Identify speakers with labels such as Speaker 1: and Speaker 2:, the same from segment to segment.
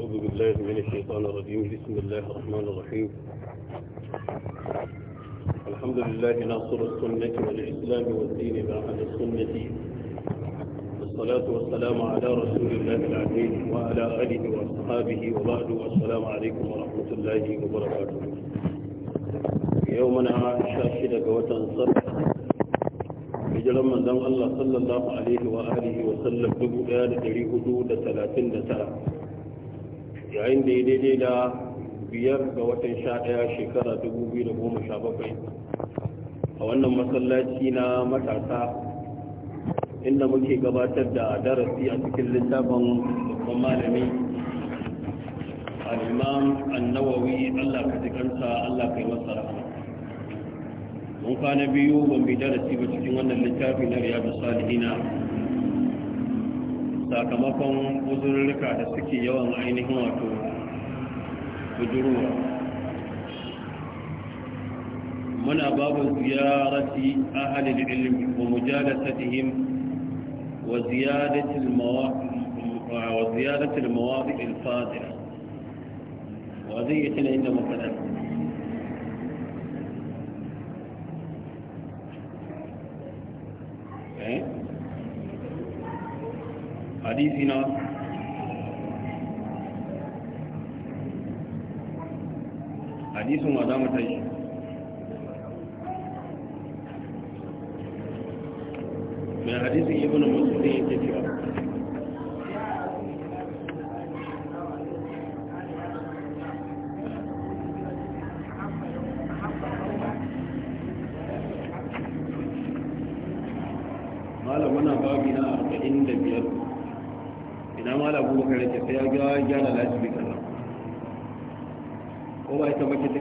Speaker 1: أعوذ بالله من الشيطان الرجيم بسم الله الرحمن الرحيم الحمد لله ناصر السنة والإسلام والدين بعد السنة والصلاة والسلام على رسول الله العزيز وعلى آله وأصحابه وبعد والسلام عليكم ورحمة الله وبركاته يومنا شاشدة وتنصر hijiran manzon Allah الله alaihi الله alihi wa sallam dubu ɗaya da ɗari hudu yayin da ya daidai da biyar ga watan sha ɗaya shekara dubu biyu da goma sha bakwai a wannan masallaci na matasa inda muke gabatar da darasi a cikin littafin babban malami al'imam annawawi allah ka jikansa allah ka yi masa mun kwana biyu ban bi darasi ba cikin wannan littafi na riyadu salihina sakamakon uzurrika da suke yawan ainihin wato bujuruwa muna babu ziyarati ahalil ilmi wa mujalasatihim wa ziyadatil mawadi' al-fadila wa zai yi tunayin da makaɗa hadisi na hadisin wa za mu tashi من حديث ابن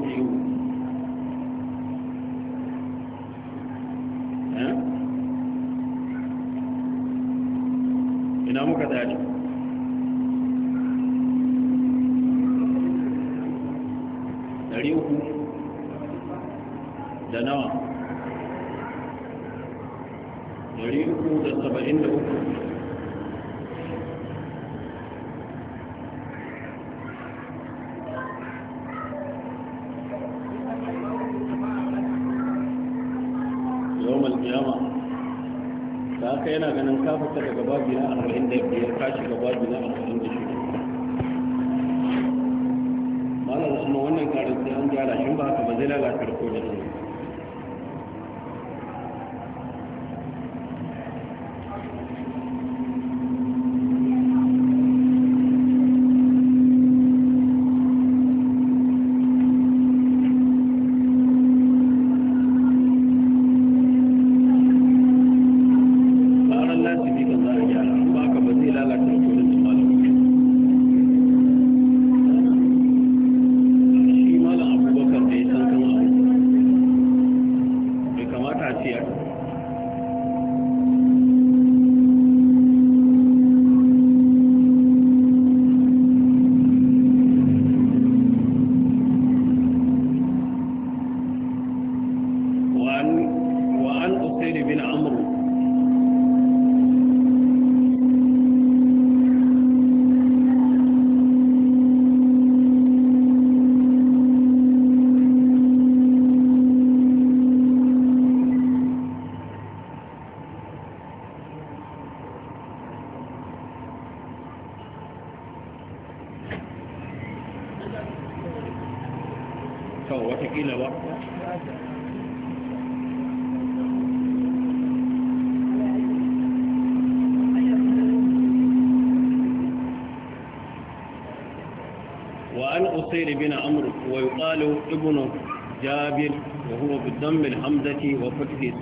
Speaker 1: biyu eh? ina muka tashi kiyama da haka yana ganin ka daga babi na arba'in da ya ka shiga babi na arba'in da shida da suna wannan karin sai an gyara shi ba haka ba zai lalata ko da shi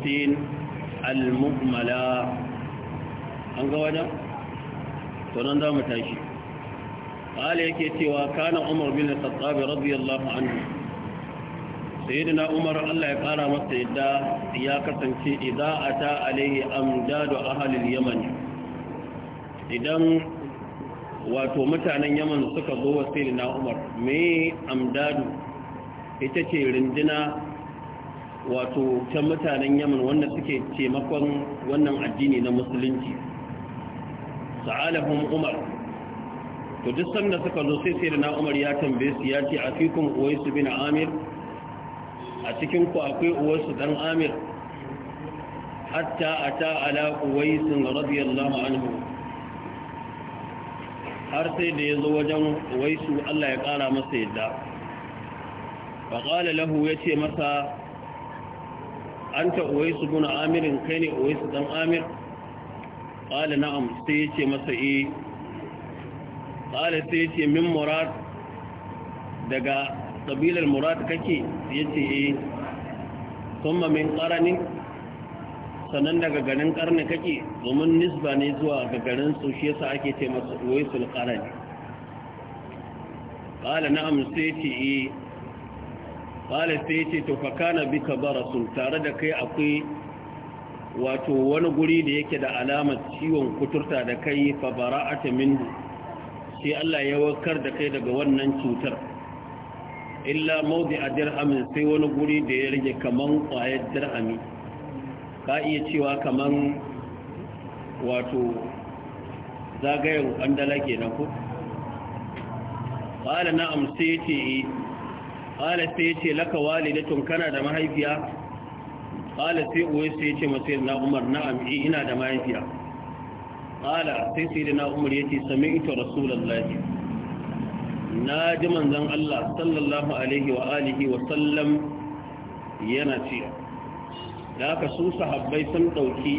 Speaker 1: الدين المهملة أنقى وجه تنندى متاشي قال يكيتي وكان عمر بن الخطاب رضي الله عنه سيدنا عمر الله يقال مستعدا يا كسنتي إذا أتى عليه أمداد أهل اليمن إذا wato mutanen yaman suka zo wa sai na umar mai amdadu ita ce rindina wato can mutanen yaman wanda suke taimakon wannan addini na musulunci sa'alahum umar to duk sanda suka zo sai sai na umar ya tambaye su ya ce a fikun su bin amir a cikin ku akwai uwaisu dan amir hatta ata ala uwaisin radiyallahu anhu har sai da ya zo wajen uwaisu Allah ya kara masa yadda faƙala ya ce masa anta uwaisu bin amirin kai ne uwaisu dan amir qala na'am sai yace masa eh qala sai yace min murad daga qabilar murad kake yace eh kuma min qarani sanan daga garin ƙarni kake domin nisba ne zuwa ga garin su shi yasa ake ce masa uwaisul qarani qala na'am sai yace eh ƙala sai ce to fa kana bi ka barasun tare da kai akwai wato wani guri da yake da alamar ciwon kuturta da kai fa bara'ata minhu sai Allah ya warkar da kai daga wannan cutar illa maudi a dirhamin sai wani guri da ya rage kaman ƙwayar dirhami ka iya cewa kaman wato zagayen ƙandala ke na ku na amsa ya ce ƙala sai ya ce laka walidatun kana da mahaifiya ƙala sai uwai sai ya ce masu na umar na'am eh, ina da mahaifiya ƙala sai sai da na umar ya ce sami ita rasulallahi na ji manzan Allah sallallahu alaihi wa alihi wa sallam yana cewa da aka su sahabbai sun ɗauki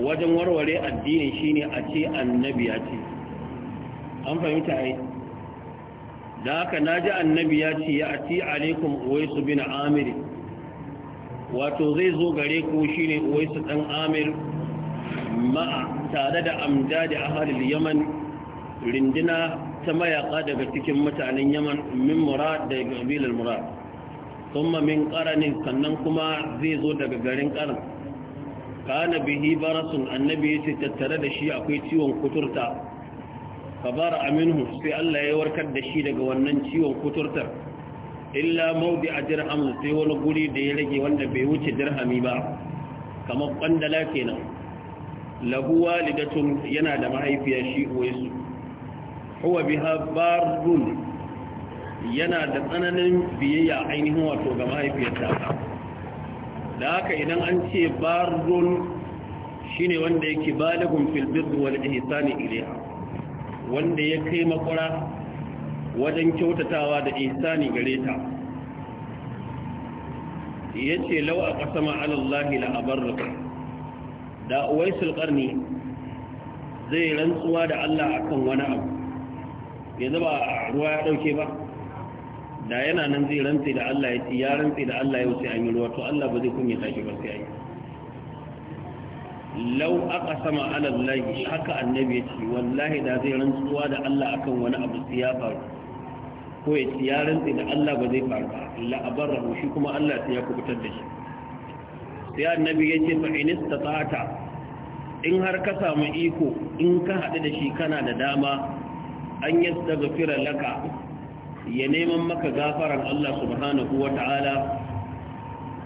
Speaker 1: wajen warware addini shine a ce annabi ya ce an fahimta ai da haka na ji annabi ya ce ya ati alaikum uwaisu bin amir wato zai zo gare ku ne uwaisu dan amir ma'a tare da amda da ahalil yaman rindina ta mayaka daga cikin mutanen yaman min murad da gabilar murad kuma min karanin sannan kuma zai zo daga garin karin kana bihi barasun annabi ya ce tattare da shi akwai ciwon kuturta fabara aminu sai Allah ya warkar da shi daga wannan ciwon kuturtar illa maudi a dirham sai wani guri da ya rage wanda bai wuce dirhami ba kamar kwandala kenan lahu walidatun yana da mahaifiya shi uwaisu huwa biha bardun yana da tsananin biyayya ainihin wato ga mahaifiyarta da haka idan an ce bardun shine wanda yake balagun fil birri wal ihsani ilayha wanda ya kai makura wajen kyautatawa da ihsani gare ta yace law a qasama ala allahi la abarraka da uwaisul qarni zai rantsuwa da Allah akan wani abu yanzu ba ruwa ya dauke ba da yana nan zai rantsi da Allah ya ci ya rantsi da Allah ya wuce an yi ruwa to Allah ba zai kunya tashi ba sai ayi lau aka sama alallahi haka annabi ya ce wallahi da zai rantsuwa da Allah akan wani abu ya faru ko ya ce ya rantsi da Allah ba zai faru ba la'abarrahu shi kuma Allah sai ya kubutar da shi sai annabi ya ce fa ta tsata. in har ka samu iko in ka haɗu da shi kana da dama an yastaghfira laka ya neman maka gafaran Allah subhanahu Ta'ala?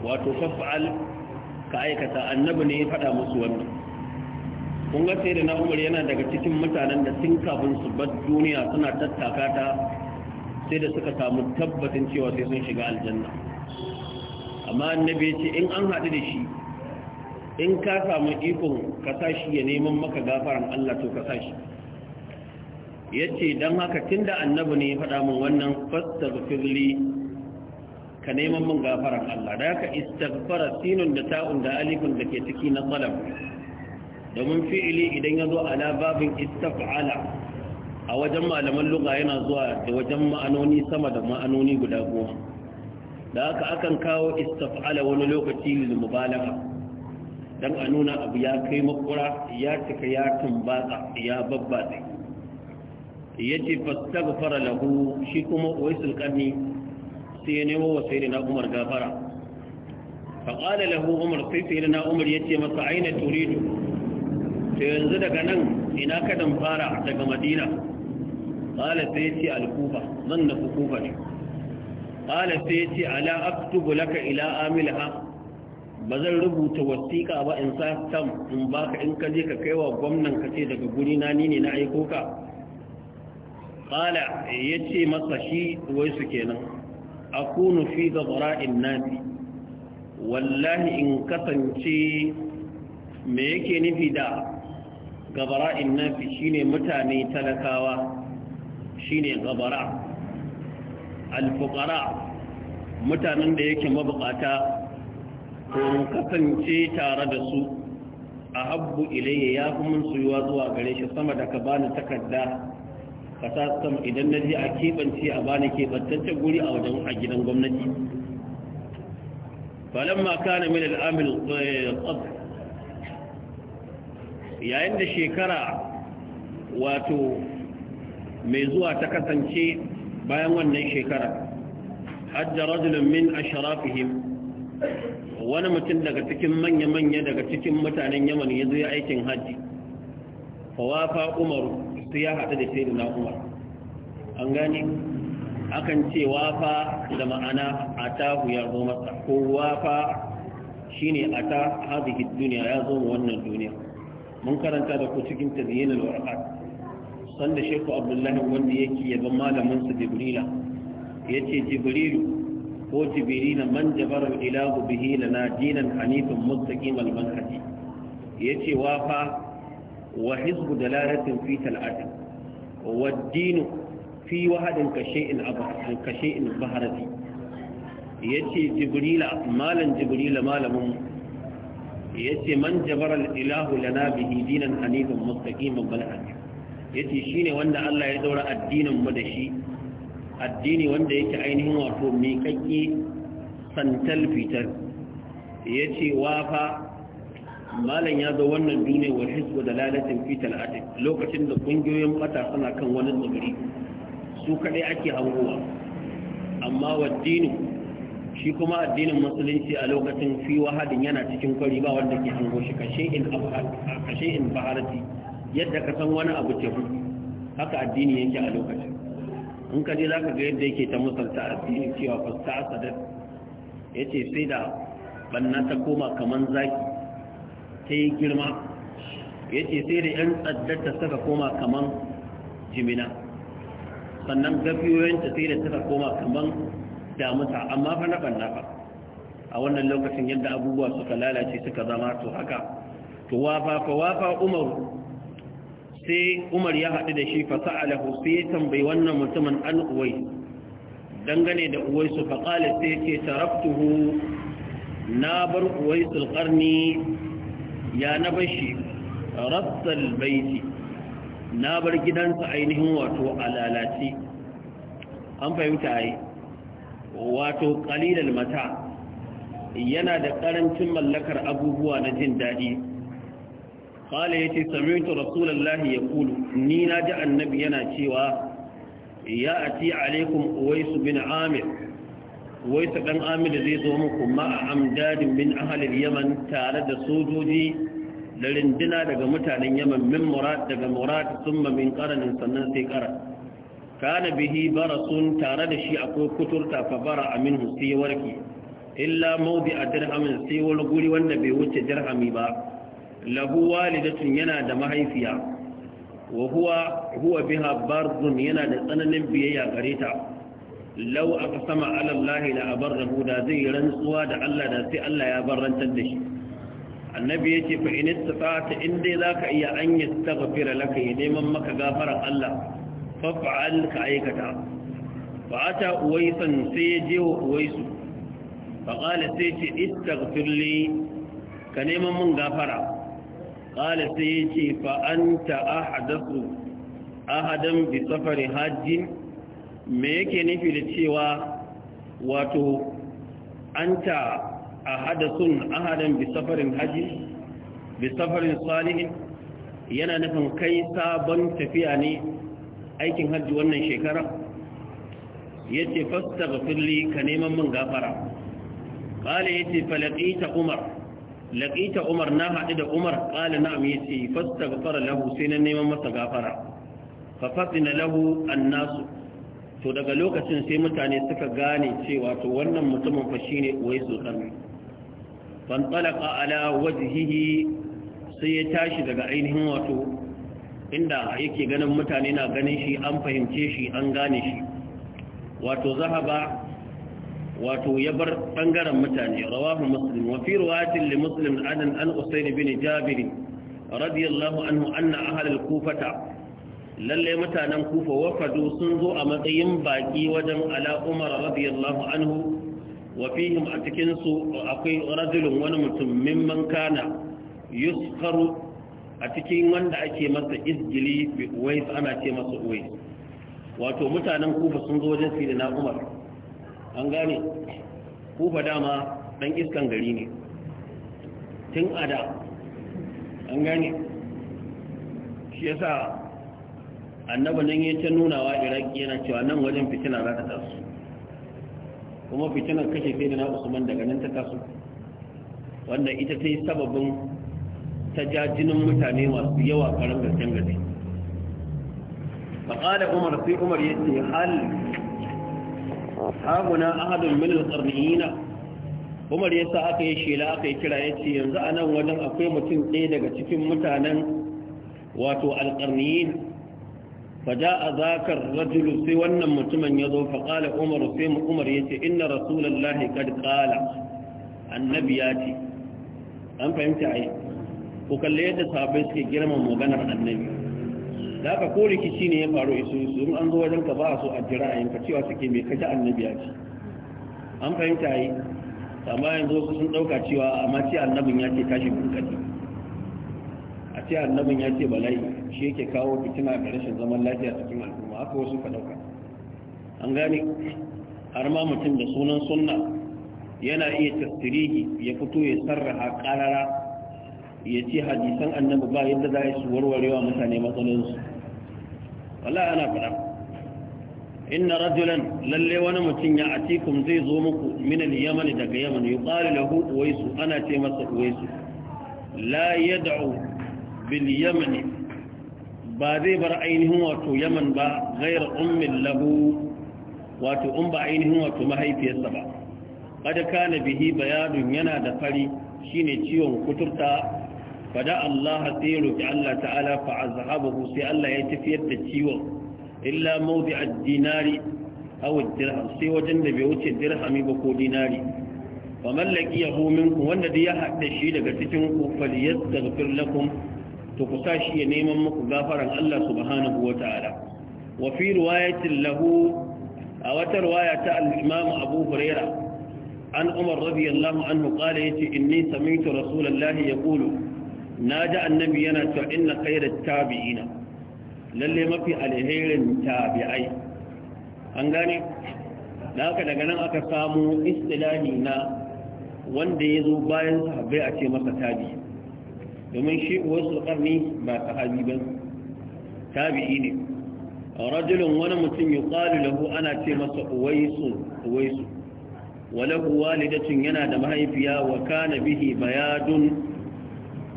Speaker 1: wato fa'al suka aikata annabi ne ya faɗa musu wannan kun ga sai da na umar yana daga cikin mutanen da tun kafin su bar duniya suna tattaka ta sai da suka samu tabbatin cewa sai sun shiga aljanna amma annabi ya ce in an haɗu da shi in ka samu ikon ka sa shi ya neman maka gafaran Allah to ka sa shi ya ce don haka tun da annabi ne ya faɗa min wannan fasta ka neman mun gafaran Allah da ka istaghfara sinun da ta'un da alifun da ke ciki na talab domin fi'ili idan ya zo ala babin istaf'ala a wajen malaman lugha yana zuwa da wajen ma'anoni sama da ma'anoni guda goma da haka akan kawo istaf'ala wani lokaci da mubalagha dan a nuna abu ya kai makura ya cika ya tumbatsa ya babbatsa yace fastaghfara lahu shi kuma waisul qarni sai ya nemo wa sai na umar gafara faƙala lahu umar sai sai na umar ya ce masa aina turidu to yanzu daga nan ina kadan fara daga madina ƙala sai ya ce alkufa zan na kufa ne ƙala sai ya ce ala aktubu laka ila amilaha ba zan rubuta wasiƙa ba in sa tam in ba ka in ka je ka kaiwa gwamnan ka ce daga guri na ni ne na aiko ka ƙala ya ce masa shi wai su kenan akunu fi gabara'in nasi wallahi in kasance me yake nufi da gabara'in nasi shine mutane talakawa shine gabara alfukara mutanen da yake mabukata ko kasance tare da su a habbu ilayya ya fi mun suyuwa zuwa gare shi sama da ka bani takarda kasasam idan na je a keɓance a bani keɓantaccen guri a wajen a gidan gwamnati falon maka na mil al'amil tsab eh, yayin da shekara wato mai zuwa ta kasance bayan wannan shekara hajja rajulun min sharafihim wani mutum daga cikin manya-manya daga cikin mutanen yamani ya zo aikin hajji fawafa umaru su ya haɗu da sai na umar an gani akan ce wafa da ma'ana a tahu ya zo ko wafa shine a ta hazihi duniya ya zo mu wannan duniya mun karanta da ku cikin tazyinan San sanda sheku abdullahi wanda yake yaban Malaminsa Jibrila ya yace jibrilu ko jibirina man jabara ilahu bihi lana dinan hanifan mustaqimal manhaji yace wafa wa hizbu dalalatin fi tal'atin wa dinu fi wahadin kashe'in abahar kashe'in baharati yace jibrila malan jibrila malamin yace man jabara ilahu lana bihi dinan hanifan mustaqiman bal yace shine wanda Allah ya daura addinin mu da shi addini wanda yake ainihin wato miƙaƙƙi santal fitar yace wafa malam ya zo wannan duniya wa hisbu da lalatin fi tal'ati lokacin da kungiyoyin fata suna kan wani tsibiri su kadai ake hangowa amma wa shi kuma addinin musulunci a lokacin fi wahadin yana cikin kwari ba wanda ke hango shi kashe in baharati yadda ka san wani abu ke haka addini yake a lokacin in ka je za ka ga yadda yake ta musalta addini cewa fasta asadar ya ce sai da banna ta koma kaman zaki ta yi girma ya ce sai da 'yan tsaddata suka koma kaman jimina sannan gafiyoyinta sai da suka koma kaman damuta amma fa na ɓanna ba a wannan lokacin yadda abubuwa suka lalace suka zama to haka to wafa fa wafa umar sai umar ya haɗu da shi fasa alahu sai ya tambayi wannan mutumin an uwai dangane da uwai su faƙalar sai ce taraftuhu na bar uwai sulƙarni ya na bashi Rassar baiti na bar gidansa ainihin wato a lalace an fahimta ai wato kalilal mata yana da karancin mallakar abubuwa na jin ce qala yace sami'tu ya yaqulu ni na ji annabi yana cewa ya ati alaikum uwais bin amir Waisu dan amir zai zo muku ma amdadin min ahli yaman tare da sojoji da rindina daga mutanen yaman min murad daga murad summa min sannan sai qaran kana bihi barasun tare da shi akwai kuturta fa bara aminu sai warke. illa maudi a dirhamin sai wani guri wanda bai wuce dirhami ba lahu walidatun yana da mahaifiya wa huwa huwa biha barzun yana da tsananin biyayya gare ta Lau aka sama allahi la abarrahu da zai rantsuwa da Allah da sai Allah ya barrantar da shi annabi yace fa in istata in dai zaka iya an yastaghfira laka yi neman maka gafarar Allah fa'al ka aikata ba fa ata uwaisan sai ya je wa uwaisu ba qala sai ce istaghfir li ka neman mun gafara qala sai ya yace fa anta ahadathu ahadan bi safari hajji me yake nufi da cewa wato an ta. ahadasun ahadan bi safarin haji bi safarin salihin yana nufin kai sabon tafiya ne aikin hajji wannan shekara ya ce fasta ga firli ka neman min gafara ƙala ya ce falaƙita umar laƙita umar na haɗu da umar ƙala na ya ce fasta gafara lahu sai na neman masa gafara fafafi na lahu an nasu to daga lokacin sai mutane suka gane cewa to wannan mutumin fa ne uwai su karni fantalaka ala wajihihi sai ya tashi daga ainihin wato inda yake ganin mutane na ganin shi an fahimce shi an gane shi wato zahaba wato ya bar bangaren mutane rawahu muslim wa fi riwayatin li muslim adan an usayd bin jabir radiyallahu anhu anna ahli al-kufata lalle mutanen kufa wafadu sun zo a matsayin baki wajen ala umar radiyallahu anhu wafihim a cikinsu akwai rajulun wani mutum mimman kana yuskaru a cikin wanda ake masa izgili wai ana ce masa wai wato mutanen kufa sun zo wajen sirri na umar an gane kufa dama dan iskan gari ne tun ada an gane shi yasa annabi nan ya ce nunawa iraki yana cewa nan wajen fitina za ta tasu kuma fitinar kashe sai na usman daga nan ta taso wanda ita ta yi sababin ta jajinin mutane masu yawa karan gare gaske faƙada umar sai umar ya ce hal haguna ahadun min alƙarniyina umar ya sa aka yi shela aka yi kira ya ce yanzu a nan wajen akwai mutum ɗaya daga cikin mutanen wato alƙarniyin فجاء ذاك الرجل sai wannan mutumin ya zo qala umar sai mu umar ce inna rasulullahi kad qala annabi ya ce. an fahimta ai ku kalle yadda sahabbai suke girman maganar annabi da ka ko rikici ne ya faru isu su in an zo wajen ka ba su a jira a yanka cewa suke mai kaji annabi ya ce. an fahimta ai amma yanzu sun ɗauka cewa amma ce annabin ya yace tashi bunkati a ce annabin ya ce bala'i shi yake kawo fitina ga rashin zaman lafiya cikin al'umma haka wasu ka dauka an gane har ma mutum da sunan sunna yana iya tasirihi ya fito ya sarraha karara ya ce hadisan annabi ba yadda za a yi su warwarewa mutane matsalolinsu wallahi ana faɗa inna rajulan lalle wani mutum ya atikum zai zo muku min al-yaman daga yaman yuqalu lahu uwaisu ana ce masa uwaisu la yad'u bil yamani ba zai bar ainihin wato yaman ba gairar ummin lahu wato un ba ainihin wato mahaifiyarsa ba kada kana bihi bayanun yana da fari shine ciwon kuturta fada Allah sai roki Allah ta'ala fa azhabahu sai Allah ya tafiyar da ciwon illa mawdi'ad dinari aw dirham sai wajen da bai wuce dirhami ba ko dinari fa mallaki yahu minkum wanda da ya hadda shi daga cikin ku falyastaghfir lakum to ku sa shi ya neman muku gafaran Allah subhanahu wa ta'ala wa fi riwayatin lahu a wata riwaya ta al-Imam Abu Huraira an Umar radiyallahu anhu qala yace inni sami'tu rasulullahi Na ji annabi yana cewa inna khairat tabi'ina lalle mafi alherin tabi'ai an gane da aka daga nan aka samu istilahi na wanda ya zo bayan sahabbai a ce masa tabi'i domin shi wasu karni ba sahabi ba tabi'i ne rajulun wani mutum ya ƙwari lahu ana ce masa uwaisu uwaisu walahu walidatun yana da mahaifiya wa kana bihi bayadun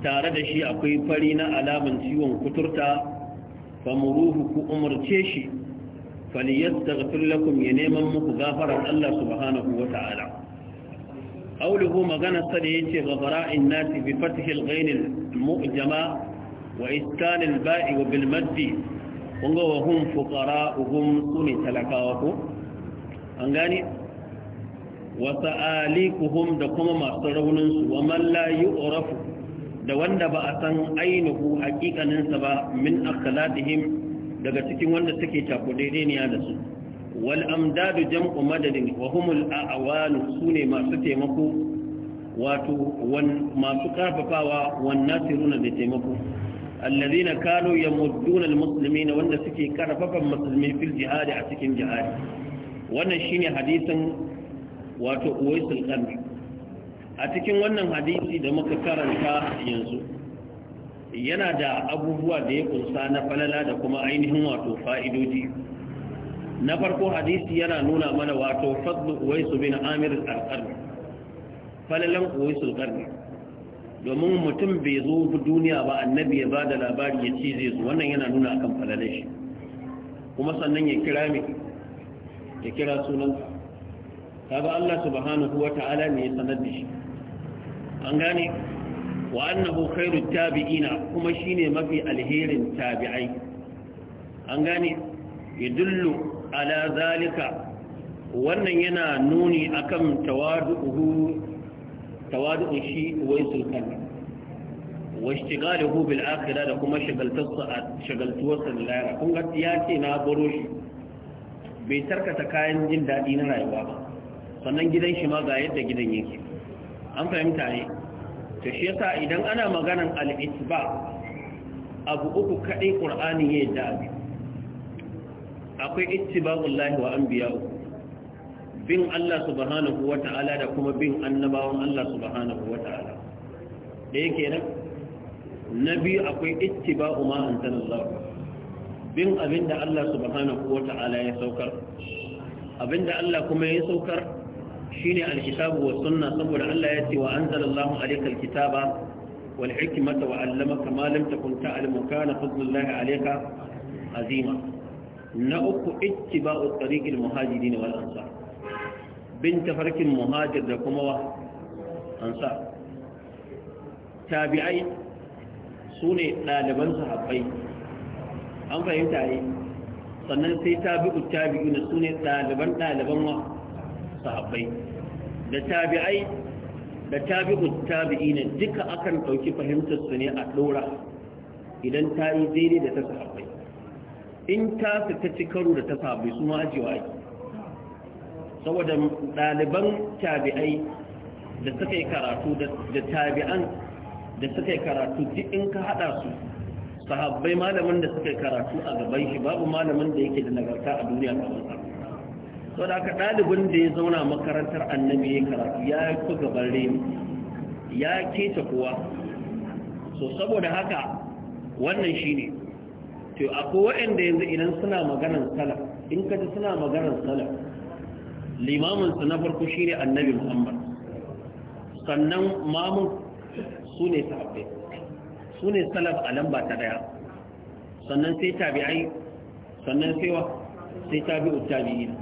Speaker 1: tare da shi akwai fari na alaman ciwon kuturta famuruhu ku umarce shi faliyastaghfir lakum ya neman muku gafarar Allah subhanahu wata'ala qawluhu magana sani yace ghafara in nati bi fathi al ghain al mu'jama wa iskan al ba'i wa bil mad kunga wa hum fuqara'uhum suni talakawaku an gani wa sa'alikuhum da kuma masu raunin su wa man la yu'rafu da wanda ba a san ainihu haƙiƙaninsa ba min akhlatihim daga cikin wanda take tafi daidai da su wal amdadu jam'u madadin wa humul a'wanu sune masu taimako wato masu karfafawa wan nasiruna da taimako alladhina kanu yamudduna almuslimina wanda suke karfafan musulmi fil jihad a cikin jihad wannan shine hadisin wato a cikin wannan hadisi da muka karanta yanzu yana da abubuwa da ya kunsa na falala da kuma ainihin wato fa'idoji na farko hadisi yana nuna mana wato fadlu uwaisu bin amir al-qarni falalan uwaisu al-qarni domin mutum bai zo duniya ba annabi ya bada labari ya ce zai zo wannan yana nuna akan falalan shi kuma sannan ya kira mi ya kira sunan kaga Allah subhanahu wata'ala ne ya sanar da shi an gane wa annahu khairu tabi'ina kuma shine mafi alherin tabi'ai an gane yadullu ala zalika wannan yana nuni akan tawadu'uhu tawadu'un shi wai kalbi wa ishtighaluhu bil akhirah da kuma shagaltarsa shagaltuwarsa da lahira kun ga ya ce na baro shi bai tarkata kayan jin daɗi na rayuwa ba sannan gidan shi ma ga yadda gidan yake an fahimta ne to shi yasa idan ana maganan al-itba abu uku kadai qur'ani ya yi akwai ittiba'ul lahi wa anbiya'u bin Allah subhanahu ta'ala da kuma bin annabawan Allah subhanahu ta'ala da yake nan biyu akwai ittiba'u ma anzalallahu bin abinda Allah subhanahu ta'ala ya saukar abinda Allah kuma ya saukar shine alkitabu wa sunna saboda Allah ya ce wa anzalallahu alaykal kitaba wal hikmata wa 'allamaka ma lam takun ta'lam kana fadlullahi alayka azima na uku ittiba'u tariqil muhajirin wal ansar bin tafarkin muhajir da kuma wa ansar tabi'ai ne ɗaliban su sahabbai an fahimta yi sannan sai tabi'u tabi'una sune ɗaliban ɗaliban wa sahabbai da tabi'ai da tabi'u tabi'ina duka akan ɗauki fahimtar su ne a ɗora idan ta yi daidai da ta sahabbai in ta ta ci karo da ta sabai su ma ajiyewa ake saboda ɗaliban tabi'ai da suka yi karatu da tabi'an da suka yi karatu duk in ka haɗa su sahabbai malamin da suka yi karatu a gaban shi babu malamin da yake da nagarta a duniya wasa sau saboda haka ɗalibin da ya zauna makarantar annabi ya karatu ya fi gaban remi ya keta kuwa, so saboda haka wannan shi ne. to akwai waɗanda yanzu idan suna maganar salaf in ka ji suna maganar salaf limamin su na farko shine annabi muhammad sannan mamun su ne sahabbai su ne salaf a lamba ta daya sannan sai tabi'ai sannan sai wa sai tabi'u tabi'in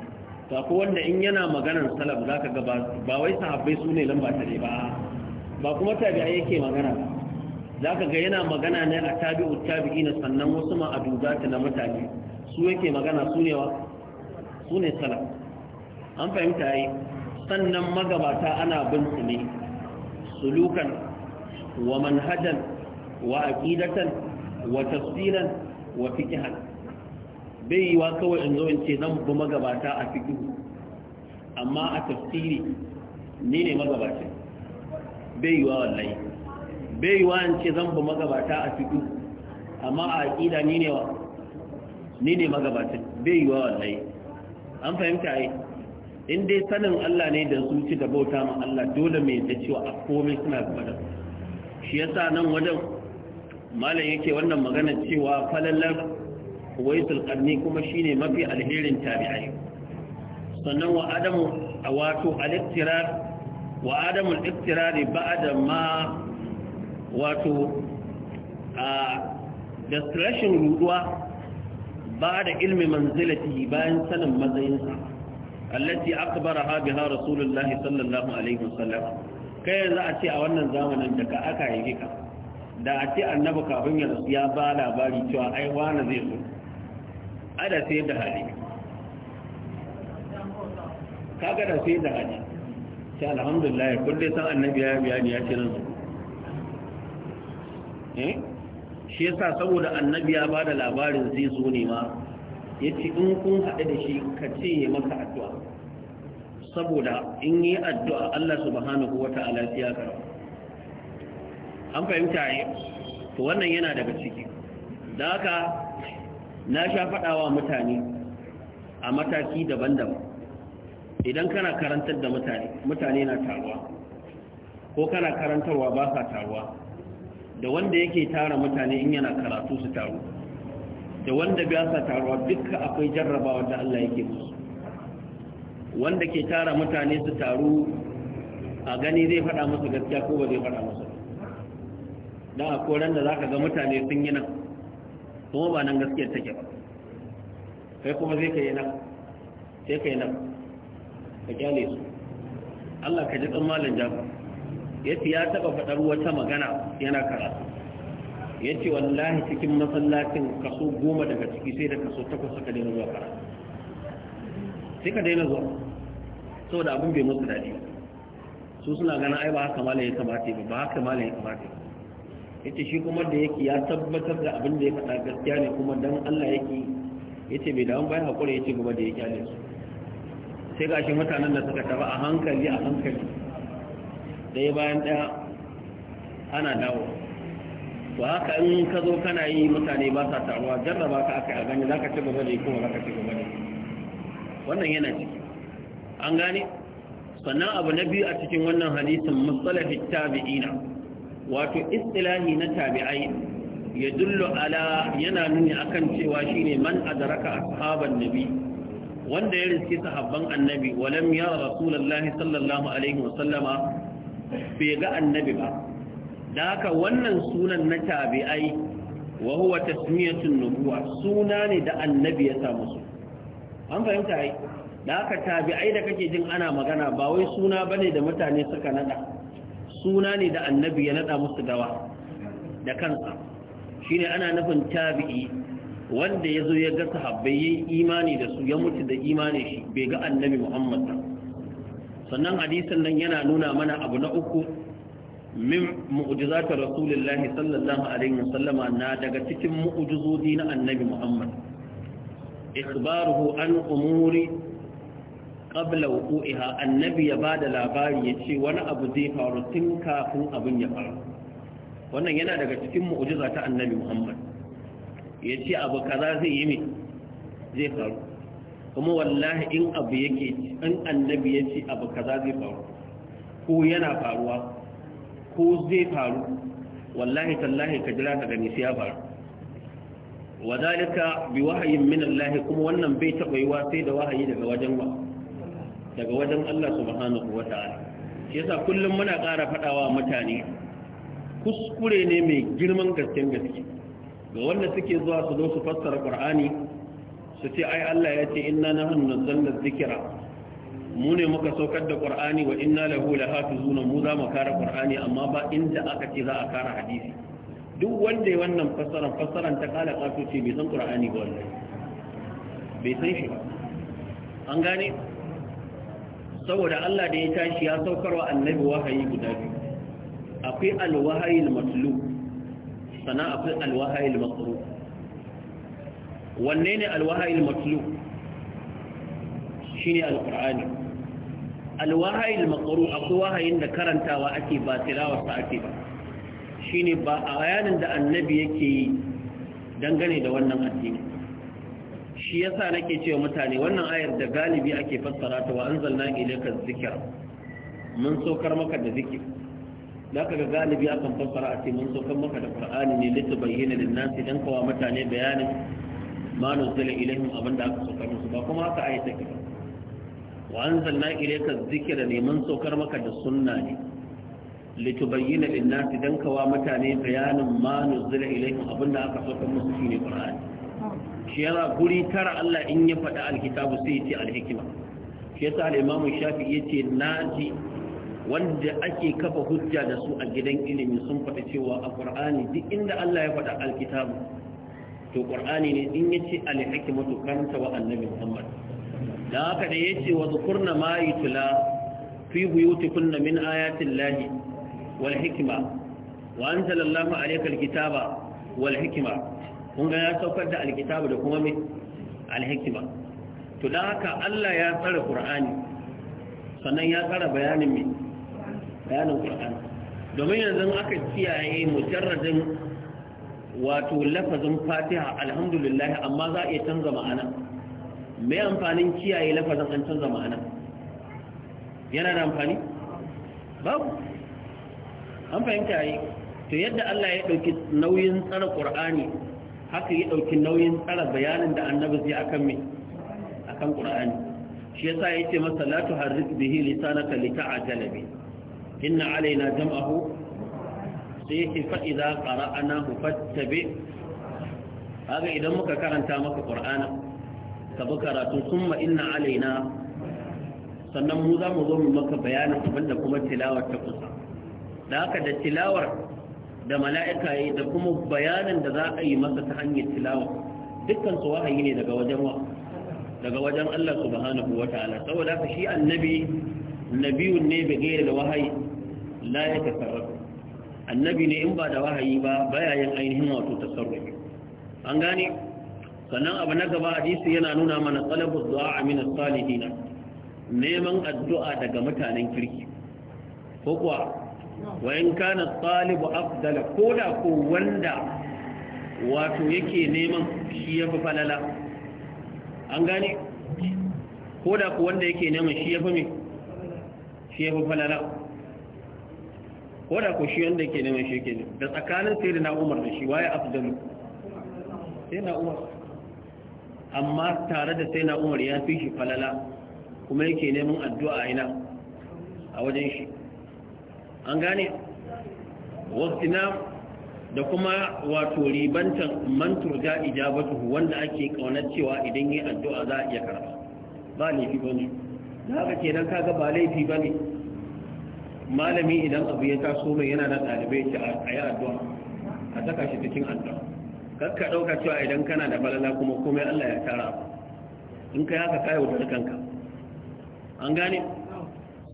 Speaker 1: to akwai wanda in yana maganar salaf zaka ga ba wai sahabbai su ne lamba ta daya ba ba kuma tabi'ai yake magana ba za ka ga yana magana ne a tabi'u na sannan wasu ma ta na mutane su yake magana su ne wa su ne an fahimta yi sannan magabata ana bin su ne sulukan wa manhajan wa aqidatan wa tafsilan wa fiqhan bai yi wa kawai in zo in ce zan bi magabata a fiqh amma a tafsiri ni ne magabata bai yi wa wallahi bai yiwa in ce zan bu magabata a fiƙi amma a aƙida ni ne magabata bai yiwa wallahi an fahimta ai in dai sanin Allah ne da su ci da bauta ma Allah dole mai da cewa a komai suna gaba da shi yasa nan wajen malam yake wannan magana cewa falallar waitul qarni kuma shi ne mafi alherin tabi'ai sannan wa adamu wato al-iktirar wa adamu al-iktirar ba'da ma wato a da ruduwa ba da ilmi manzilati bayan sanin matsayinsa allati ha biha rasulullahi sallallahu alaihi wasallam kai yanzu a ce a wannan zamanin da ka aka yi ka da a ce annabi kafin ya rasu ya ba labari cewa ai wani zai zo ada sai da hali kaga da sai da hali sai alhamdulillah kullum san annabi ya ni ya ce nan Eh? shi yasa saboda annabi ya bada labarin zai zo ne ma yace in kun haɗu da shi ka ce ya maka addu'a saboda in yi addu'a Allah subhanahu wata'ala sai ya karba an fahimta ne to wannan yana daga ciki da haka na sha faɗawa mutane a mataki daban-daban idan kana karantar da mutane mutane na taruwa ko kana karantarwa ba sa taruwa da wanda yake tara mutane in yana karatu su taru da wanda ba sa taruwa dukka akwai jarrabawa da Allah yake musu wanda ke tara mutane su taru a gani zai faɗa musu gaskiya ko ba zai faɗa musu don a koran da za ka ga mutane sun yi nan kuma ba nan gaskiyar take ba kai kuma zai ka yi nan sai ka yi nan ka kyale su Allah ka ji tsammalin jafa yace ya taba fadar wata magana yana karatu yace wallahi cikin masallacin kaso goma daga ciki sai da kaso takwas suka daina zuwa karatu sai ka daina zuwa saboda abin bai musu daɗi su suna ganin ai ba haka malam ya kamata ba ba haka malam ya kamata yace shi kuma da yake ya tabbatar da abin da ya faɗa gaskiya ne kuma dan Allah yake yace bai dawo bai hakuri yace gaba da yake alin sai gashi mutanen da suka taba a hankali a hankali ɗaya bayan ɗaya ana dawo to haka in ka zo kana yi mutane ba sa taruwa jarraba ka aka a gani za ka ci gaba ne kuma za ka ci gaba ne wannan yana ciki an gane sannan abu na biyu a cikin wannan hadisin matsalafi tabi'ina wato istilahi na tabi'ai ya dullo ala yana nuni akan cewa shine man adraka ashaban nabi wanda ya riske sahabban annabi walam ya rasulullahi sallallahu alaihi wa sallama. bai ga annabi ba da haka wannan sunan na tabi'ai wa huwa tasmiyatun nubuwa suna ne da annabi ya samu su an fahimta ai da haka tabi'ai da kake jin ana magana ba wai suna bane da mutane suka nada suna ne da annabi ya nada musu dawa da kansa shine ana nufin tabi'i wanda ya zo ya ga sahabbai ya imani da su ya mutu da imani shi bai ga annabi muhammad sannan hadisin nan yana nuna mana abu na uku min mu'jizatar rasulullah sallallahu alaihi wasallama na daga cikin mu'jizozi na annabi muhammad ikhbaruhu an umuri qabla wuqu'iha annabi ya bada labari yace wani abu zai faru tun kafin abin ya faru wannan yana daga cikin mu'jiza ta annabi muhammad yace abu kaza zai yi ne zai faru kuma wallahi in abu yake in annabi ya ce abu kaza zai faru ko yana faruwa ko zai faru wallahi tallahi ka jira ka gani sai ya faru wadalika bi wahayin min Allah kuma wannan bai taba yiwa sai da wahayi daga wajen wa daga wajen Allah subhanahu wata'ala shi yasa kullum muna ƙara fadawa mutane kuskure ne mai girman gaske gaske ga wanda suke zuwa su zo su fassara Qur'ani su ce ai Allah ya ce inna hannun nazzalna zikira. mu ne muka saukar da qur'ani wa inna lahu lahafizuna mu za mu kare qur'ani amma ba inda aka ce za a kare hadisi duk wanda ya wannan fassara fassaran ta kala kato ce bai san qur'ani ba wallahi bai san shi ba an gane saboda Allah da ya tashi ya saukarwa annabi wahayi guda biyu akwai alwahayil matlu sannan akwai alwahayil maqru wanne ne alwahayil matlu shine alqur'ani alwahayil Mak'aru akwai wahayin da karantawa ake ba tilawa sa ake ba Shi ne ba a bayanin da annabi yake yi dangane da wannan addini shi yasa nake cewa mutane wannan ayar da galibi ake fassara ta wa anzalna ilayka dhikra mun saukar maka da zikir da ka ga galibi akan fassara a ce mun saukar maka da qur'ani ne litabayyana lin-nasi don kawa mutane bayanin ma nuzila ilaihim abinda aka saukar musu ba kuma haka ayi take ba wa anzalna ilayka dhikra ne mun saukar maka da sunna ne litubayyana lin-nasi dan kawa mutane bayanin ma nuzila ilaihim abinda aka saukar musu shine qur'ani shi yana guri tara Allah in ya faɗi alkitabu sai ya ce alhikima shi yasa al-imam shafi'i yace naji wanda ake kafa hujja da su a gidan ilimi sun faɗi cewa a Al-Qur'ani duk inda Allah ya faɗa alkitabu to qur'ani ne in yace al hikmatu karanta wa annabi muhammad da haka da yace wa zukurna ma yutla fi buyutikunna min ayati llahi wal hikma wa anzala allahu alayka al kitaba wal hikma kun ga ya saukar da al kitaba da kuma me al hikma to da haka Allah ya tsara qur'ani sannan ya tsara bayanin me bayanin qur'ani domin yanzu aka kiyaye mujarradin wato lafazin fatiha alhamdulillah amma za a iya canza ma'ana mai amfanin kiyaye lafazin an canza ma'ana yana da amfani? babu an fahimta yi to yadda Allah ya ɗauki nauyin tsara ƙur'ani haka ya ɗauki nauyin tsara bayanin da annabi zai akan mai akan ƙur'ani shi yasa ya ce masa la tuharrik bihi lisanaka lita'ajala bi inna alaina jam'ahu sai yake fa'iza ƙara'ana hufattabe haka idan muka karanta maka ƙur'ana ka bi karatu sun inna alaina sannan mu za mu zo mu maka bayanin abinda kuma tilawar ta kusa da haka da tilawar da mala'ika yi da kuma bayanin da za a yi masa ta hanyar tilawar dukkan su wahayi ne daga wajen wa daga wajen Allah subhanahu wa ta'ala saboda ka shi annabi nabiyun ne bi gairi da wahayi la ya tasarrafu annabi ne in ba da wahayi ba bayayin ainihin wato tasarruf an gane sannan abu na gaba hadisi yana nuna mana talabu du'a min as-salihin neman addu'a daga mutanen kirki ko kuwa wa in kana talibu ko da ko wanda wato yake neman shi yafi falala an gane da ko wanda yake neman shi yafi me shi yafi falala ko da ko shi wanda yake neman shi yake da tsakanin sai na umar da shi waye afdalu sai na umar amma tare da sai na umar ya fi shi falala kuma yake neman addu'a ina a wajen shi an gane wasina da kuma wato ribantan mantur da ijabatu wanda ake kaunar cewa idan yi addu'a za a iya karba ba laifi ba ne da haka kenan kaga ba laifi ba ne malami idan abu ya taso mai yana da ɗalibai ce a yi addu'a a saka shi cikin addu'a kakka ɗauka cewa idan kana da balala kuma komai Allah ya tara in ka haka wuta da kanka an gane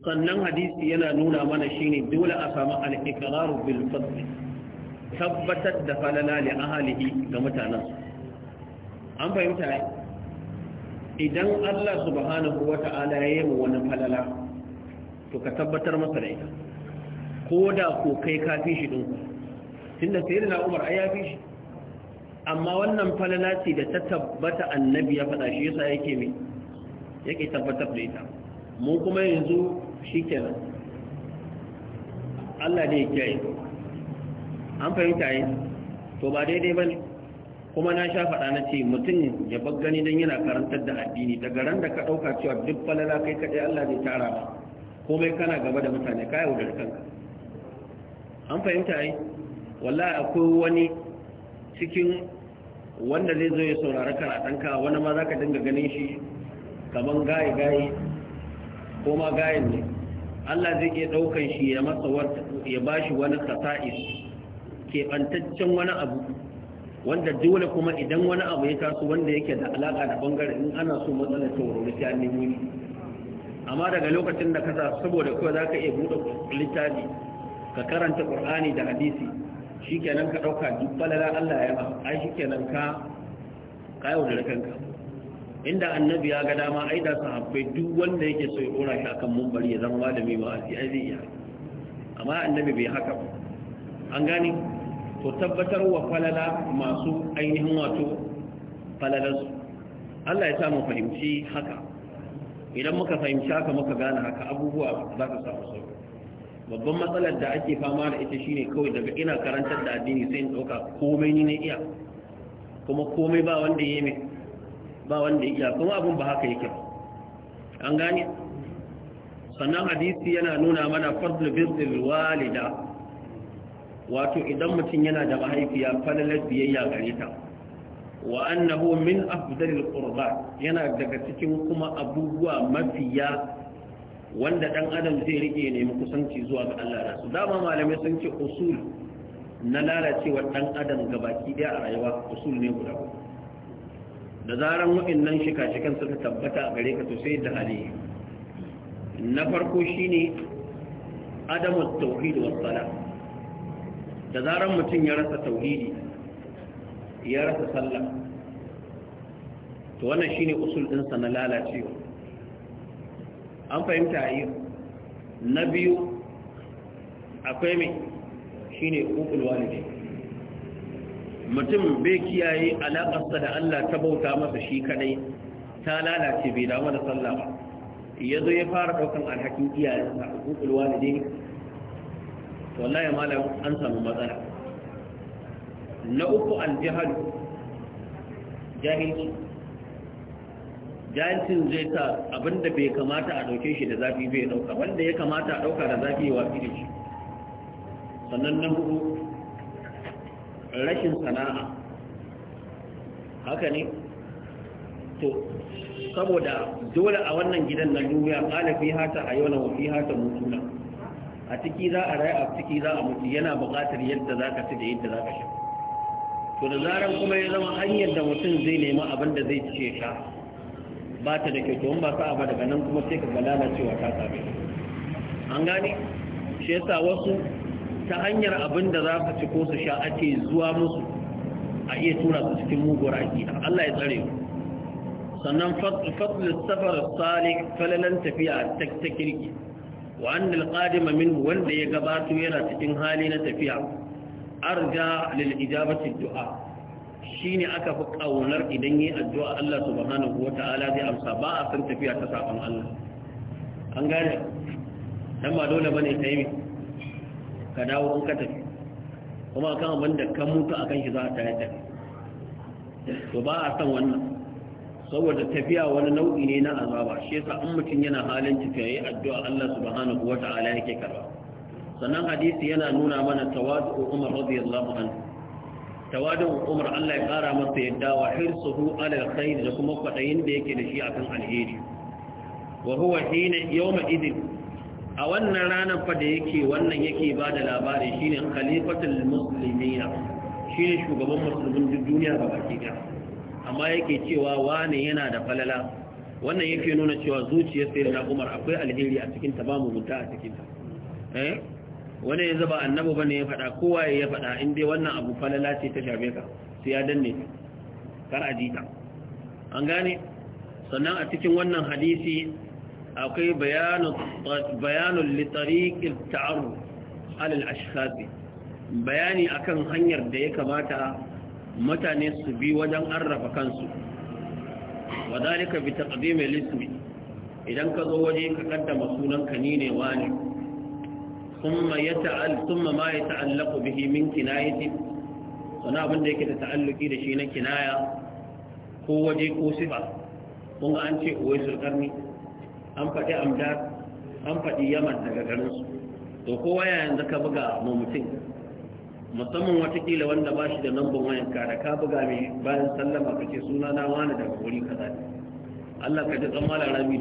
Speaker 1: sannan hadisi yana nuna mana shine dole a samu al-iqraru bil fadl tabbatar da falala li ahlihi ga mutanen an fahimta idan Allah subhanahu wata'ala ya yi wani falala to ka tabbatar masa da ita ko da ko kai ka fi shi ɗin tunda sai na umar a ya fi shi amma wannan falala ce da ta tabbata annabi ya faɗa shi yasa yake mai yake tabbatar da ita mu kuma yanzu shikenan Allah ne ya kiyaye an fahimta yi to ba daidai ba ne kuma na sha faɗa na ce mutum ya gani don yana karantar da addini daga ran da ka ɗauka cewa duk falala kai kaɗai Allah zai tara ba komai kana gaba da mutane ka yau da kanka an fahimta yi wallahi akwai wani cikin wanda zai zo ya saurari karatunka wani ma za ka dinga ganin shi kaman gaye gaye ko ma gayen ne Allah zai ke ɗaukan shi ya masa ya ba shi wani kasa'is keɓantaccen wani abu wanda dole kuma idan wani abu ya taso wanda yake da alaƙa da ɓangare in ana so matsalar ta ta amma daga lokacin da ka sa saboda kuwa za ka iya buɗe littafi ka karanta ƙur'ani da hadisi shi kenan ka ɗauka duk balala Allah ya ba ai shi kenan ka kayo da kanka inda annabi ya ga dama ai da sahabbai duk wanda yake so ya ɗora shi akan mumbari ya zama malami ba ai zai iya amma annabi bai haka ba an gane to tabbatar wa falala masu ainihin wato falalansu Allah ya samu fahimci haka idan muka fahimci haka muka gane haka abubuwa za ka samu sauƙi babban matsalar da ake fama da ita shine kawai daga ina karantar da addini sai in ɗauka komai ni na iya kuma komai ba wanda ya yi ba wanda ya iya kuma abin ba haka yake ba an gane sannan hadisi yana nuna mana fardul birrul walida wato idan mutum yana da mahaifiya falalar biyayya gare ta wa annahu min afdalil qurba yana daga cikin kuma abubuwa mafiya wanda dan adam zai rike ne kusanci zuwa ga Allah da su dama malamai sun ce usul na lalacewar dan adam gabaki daya a rayuwa usul ne guda da zaran wa'annan shika-shikan suka tabbata a gare ka to sai da hali na farko shine adamu tauhid wa sala da zaran mutum ya rasa tauhidi ya rasa sallah to wannan shine usul sa na lalacewa an fahimta a yi na biyu akwai me shine ƙuƙul walidi mutum bai kiyaye sa da Allah ta bauta masa shi kadai ta lalace bai damu da sallah ba ya zo ya fara ɗaukan alhakin iyayensa a walidi to wallahi malam an samu matsala na uku aljihalu jahilci jahilcin zai sa abinda bai kamata a ɗauke shi da zafi bai ɗauka wanda ya kamata a ɗauka da zafi wa fi shi sannan na hudu rashin sana'a haka ne to saboda dole a wannan gidan na duniya ala fi hata a yau na wafi hata mutuna a ciki za a rai a ciki za a mutu yana buƙatar yadda za ka ci da yadda za ka shi to da zaren kuma ya zama hanyar da mutum zai nemi abin da zai ce sha ba ta da kyau to ba sa ba daga nan kuma sai ka ga cewa ta same an gane shi yasa wasu ta hanyar abin da za su ci ko su sha ake zuwa musu a iya tura su cikin muguwar aƙida Allah ya tsare sannan fadlis safar salih falalan tafiya ta kirki wa annal qadima minhu wanda ya gabato yana cikin hali na tafiya arja lil ijabati du'a shine aka fi kaunar idan yi addu'a Allah subhanahu wata'ala zai amsa ba a san tafiya ta sakon Allah an gane dan ba dole bane kai mi ka dawo in ka tafi kuma kan abin da kan mutu akan shi za a yadda to ba a san wannan saboda tafiya wani nau'i ne na azaba shi yasa in yana halin tafiya yayi addu'a Allah subhanahu wata'ala yake karba sannan hadisi yana nuna mana tawadu umar radiyallahu anhu tawadu umar Allah ya kara masa yadda wa hirsuhu ala alkhair da kuma kwadayin da yake da shi akan alheri wa huwa hina yawma idin a wannan ranar fa da yake wannan yake ba da labari shine khalifatul muslimina shine shugaban musulmin duniya ga baki amma yake cewa Wani yana da falala wannan yake nuna cewa zuciyar sayyidina Umar akwai alheri a cikin ta ba mu mutunta a cikin ta eh wani yanzu ba annabi bane ya faɗa kowa ya faɗa in wannan abu falala ce ta shafe ka sai ya danne kar a jita an gane sannan a cikin wannan hadisi akwai bayanun littariƙin ta'aru alal ashikazi bayani akan hanyar da ya kamata mutane su bi wajen arrafa kansu wadalika bi taqdimil ismi idan ka zo waje ka kaddama sunan ka ni ne wani ثم يتعل ثم ما يتعلق به من كناية sana abin da yake da ta'alluki da shi na kinaya ko waje ko sifa kun an ce uwai sulkarni an an faɗi yaman daga garinsu to kowa yayin da ka buga ma mutum musamman watakila wanda ba shi da namban wayanka da ka buga mai bayan sallama ka ce suna na daga Allah ka ji tsammanin rami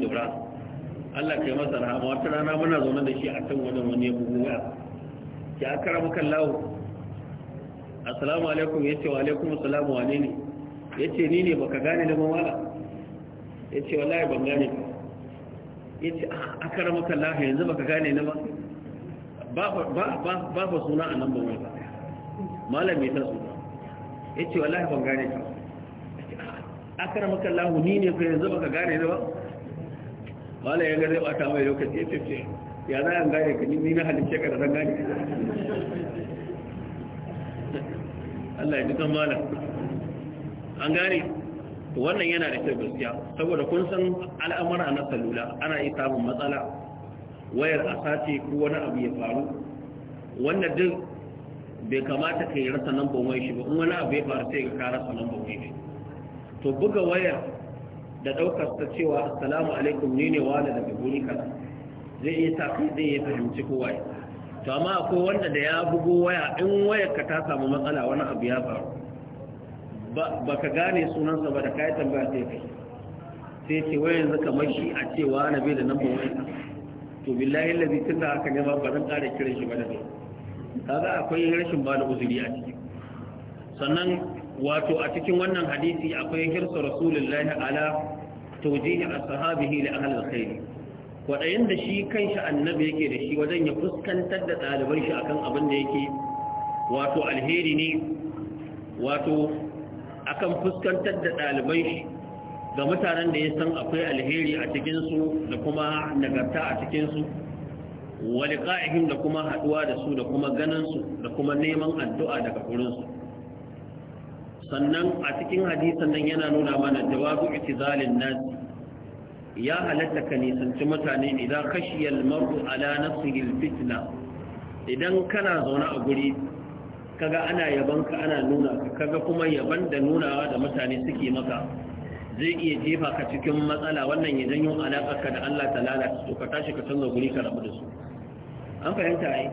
Speaker 1: Allah kai masa rahama wata rana muna zaune da shi a kan wajen wani ya bugu ya ki akara maka lawo assalamu alaikum yace wa alaikum assalam wa ne ne. yace ni ne baka gane da mawala yace wallahi ban gane ba yace a ah, akara maka lawo yanzu baka gane ni ba ba ba ba ba suna a nan ba wai malam ta suna yace wallahi ban gane ba
Speaker 2: ah,
Speaker 1: akara maka lawo ni ne fa yanzu baka gane ni ba mala ya gare bata mai lokaci ya ce ya za a gane ka ni na halin ka da zan gane Allah ya dukan mala an gane wannan yana da kyau gaskiya saboda kun san al'amura na salula ana yi samun matsala wayar a sace ko wani abu ya faru wanda duk bai kamata ka yi rasa lambar wai shi ba in wani abu ya faru sai ka rasa lambar wai shi to buga wayar da daukar ta cewa assalamu alaikum ni ne wani daga guri kaza zai iya tafi zai iya fahimci kowa ya to amma akwai wanda da ya bugo waya in wayar ka ta samu matsala wani abu ya faru ba ka gane sunansa ba da kai tambaya sai kai sai ce wayar yanzu kamar shi a cewa na bai da namba wayar to billahi allazi tunda aka haka ne ba zan kare kiran shi ba da bai kaga akwai rashin ba da uzuri a ciki sannan wato a cikin wannan hadisi akwai hirsa rasulullahi ala taujihi ashabihi li ahli alkhair kwadayin da shi kanshi annabi yake da shi wajen ya fuskantar da ɗaliban shi akan abin da yake wato alheri ne wato akan fuskantar da ɗaliban shi ga mutanen da ya san akwai alheri a cikinsu da kuma nagarta a cikinsu wani ƙa'ihim da kuma haɗuwa da su da kuma ganinsu da kuma neman addu'a daga wurinsu sannan a cikin hadisan nan yana nuna mana jawabu itizalin nasi ya halatta ka nisanci mutane idan kashiyar maru ala nasiril fitna idan kana zaune a guri kaga ana yabanka ana nuna ka kaga kuma yaban da nunawa da mutane suke maka zai iya jefa ka cikin matsala wannan ya janyo alaƙarka da Allah ta lalata to ka tashi ka canza guri ka rabu da su an fahimta ai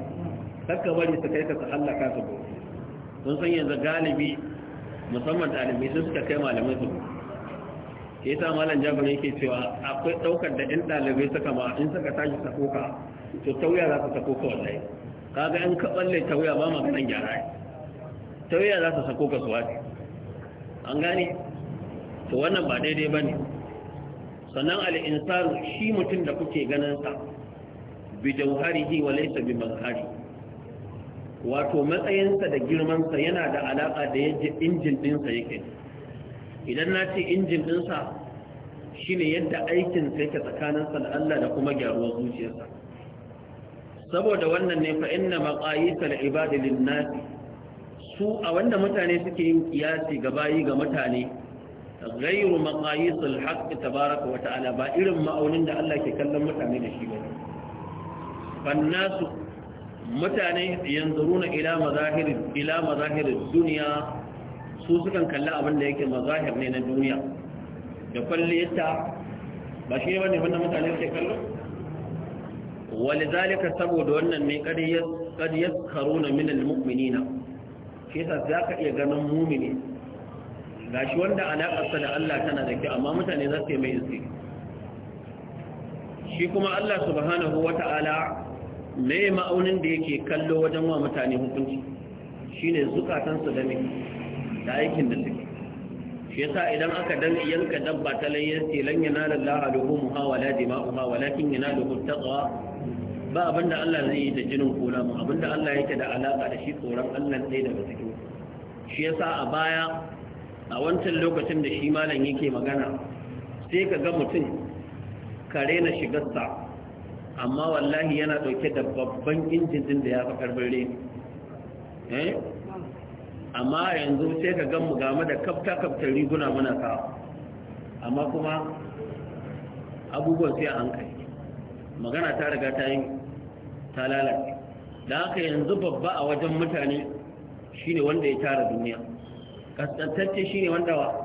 Speaker 1: kakka bari su kai ka su hallaka su don san yanzu galibi musamman ɗalibi sun suka kai malamai su ke sa malam jabirin yake cewa akwai ɗaukar da ɗin ɗalibai suka ma in suka tashi sakoka to tauya za su sakoka wallahi kaga in ka balle tauya ba maganan gyara ne tauya za su sakoka su wace an gane to wannan ba daidai ba ne sannan al'insaru shi mutum da kuke ganin sa bi jauharihi wa laysa bi mazhari wato matsayinsa da girmansa yana da alaƙa da yadda injin ɗinsa yake idan na ce injin ɗinsa shi ne yadda aikinsa yake tsakaninsa da Allah da kuma gyaruwar zuciyarsa saboda wannan ne fa'in na maƙayisa da ibadilin nasi su a wanda mutane suke yin kiyasi ga bayi ga mutane gairu maƙayisul haƙƙi tabaraka ala ba irin ma'aunin da Allah ke kallon mutane da shi ba. Fannasu mutane yanzuruna ila ila mazahir duniya su sukan kalli abinda da yake mazahir ne na duniya da kwalliyarta ba shi ne wanda da mutane suke kallo zalika saboda wannan ne kadiyas kadiyas karuna min almu'minina shi yasa za ka iya ganin mumini shi wanda alaƙarsa da Allah tana da kyau amma mutane za su yi mai iske shi kuma Allah subhanahu wata'ala me ma'aunin da yake kallo wajen wa mutane hukunci shine zukatansu da me da aikin da suke shi yasa idan aka dan yanka dabba ta layyar ce lan yanala Allah aluhumha wala dima'uha walakin yanaluhu taqwa ba abinda Allah zai yi da jinin kula mu abinda Allah yake da alaka da shi tsoron Allah sai daga cikin shi yasa a baya a wancan lokacin da shi malam yake magana sai ka ga mutum kare na shigarsa amma wallahi yana ɗauke da babban injin din da ya fi karfin rai eh? amma yanzu sai ka gan mu game da kafta-kaftar riguna muna kawo amma kuma abubuwan sai an kai magana ta riga ta yi ta lalace da haka yanzu babba a wajen mutane shine wanda ya tara duniya kaskantacce shine wanda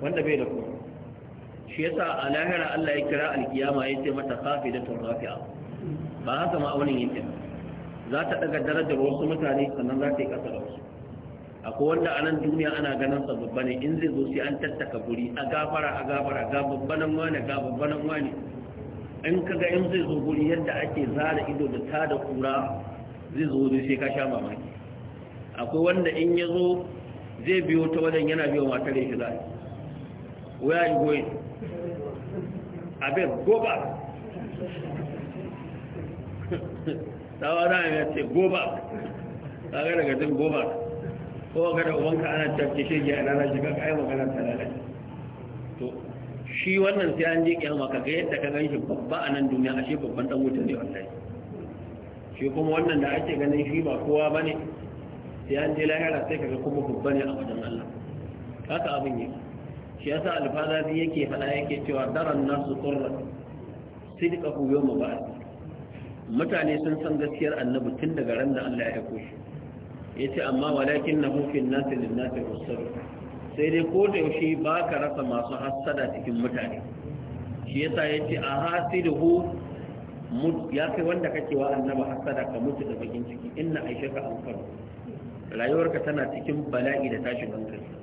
Speaker 1: wanda bai da ku shi yasa a lahira Allah ya kira alkiyama ya ce mata kafi da turrafiya ba haka ma wani yake za ta daga darajar wasu mutane sannan za ta yi kasa da wasu akwai wanda a nan duniya ana ganin sa babba ne in zai zo sai an tattaka guri a gafara a gafara ga babbanan wani ga babbanan wani in kaga in zai zo guri yadda ake zara ido da ta da kura zai zo wuri sai ka sha mamaki akwai wanda in ya zo zai biyo ta wajen yana biyo matar ya shi zai where are you going abeg go back tsawa na yi ce go back tsaga daga jin go back ko ga da wanka ana cafke shi ya rana shi ka kai magana ta lalace to shi wannan sai an je kiyama ka ga yadda ka gan shi babba a nan duniya ashe babban dan wuta ne wallahi shi kuma wannan da ake ganin shi ba kowa bane sai an je lahira sai kaga kuma babba ne a wajen Allah haka abin yake shi yasa alfazazi yake faɗa yake cewa daren nasu qurra sidqahu yawma ba'd mutane sun san gaskiyar annabi tun daga ran da Allah ya aiko shi ce amma walakin na fil nasi lin nasi russul sai dai ko da yaushe ba ka rasa masu hassada cikin mutane shi yasa ce a da hu ya kai wanda kake wa annaba hassada ka mutu da bakin ciki inna aishaka an faru rayuwarka tana cikin bala'i da tashin hankali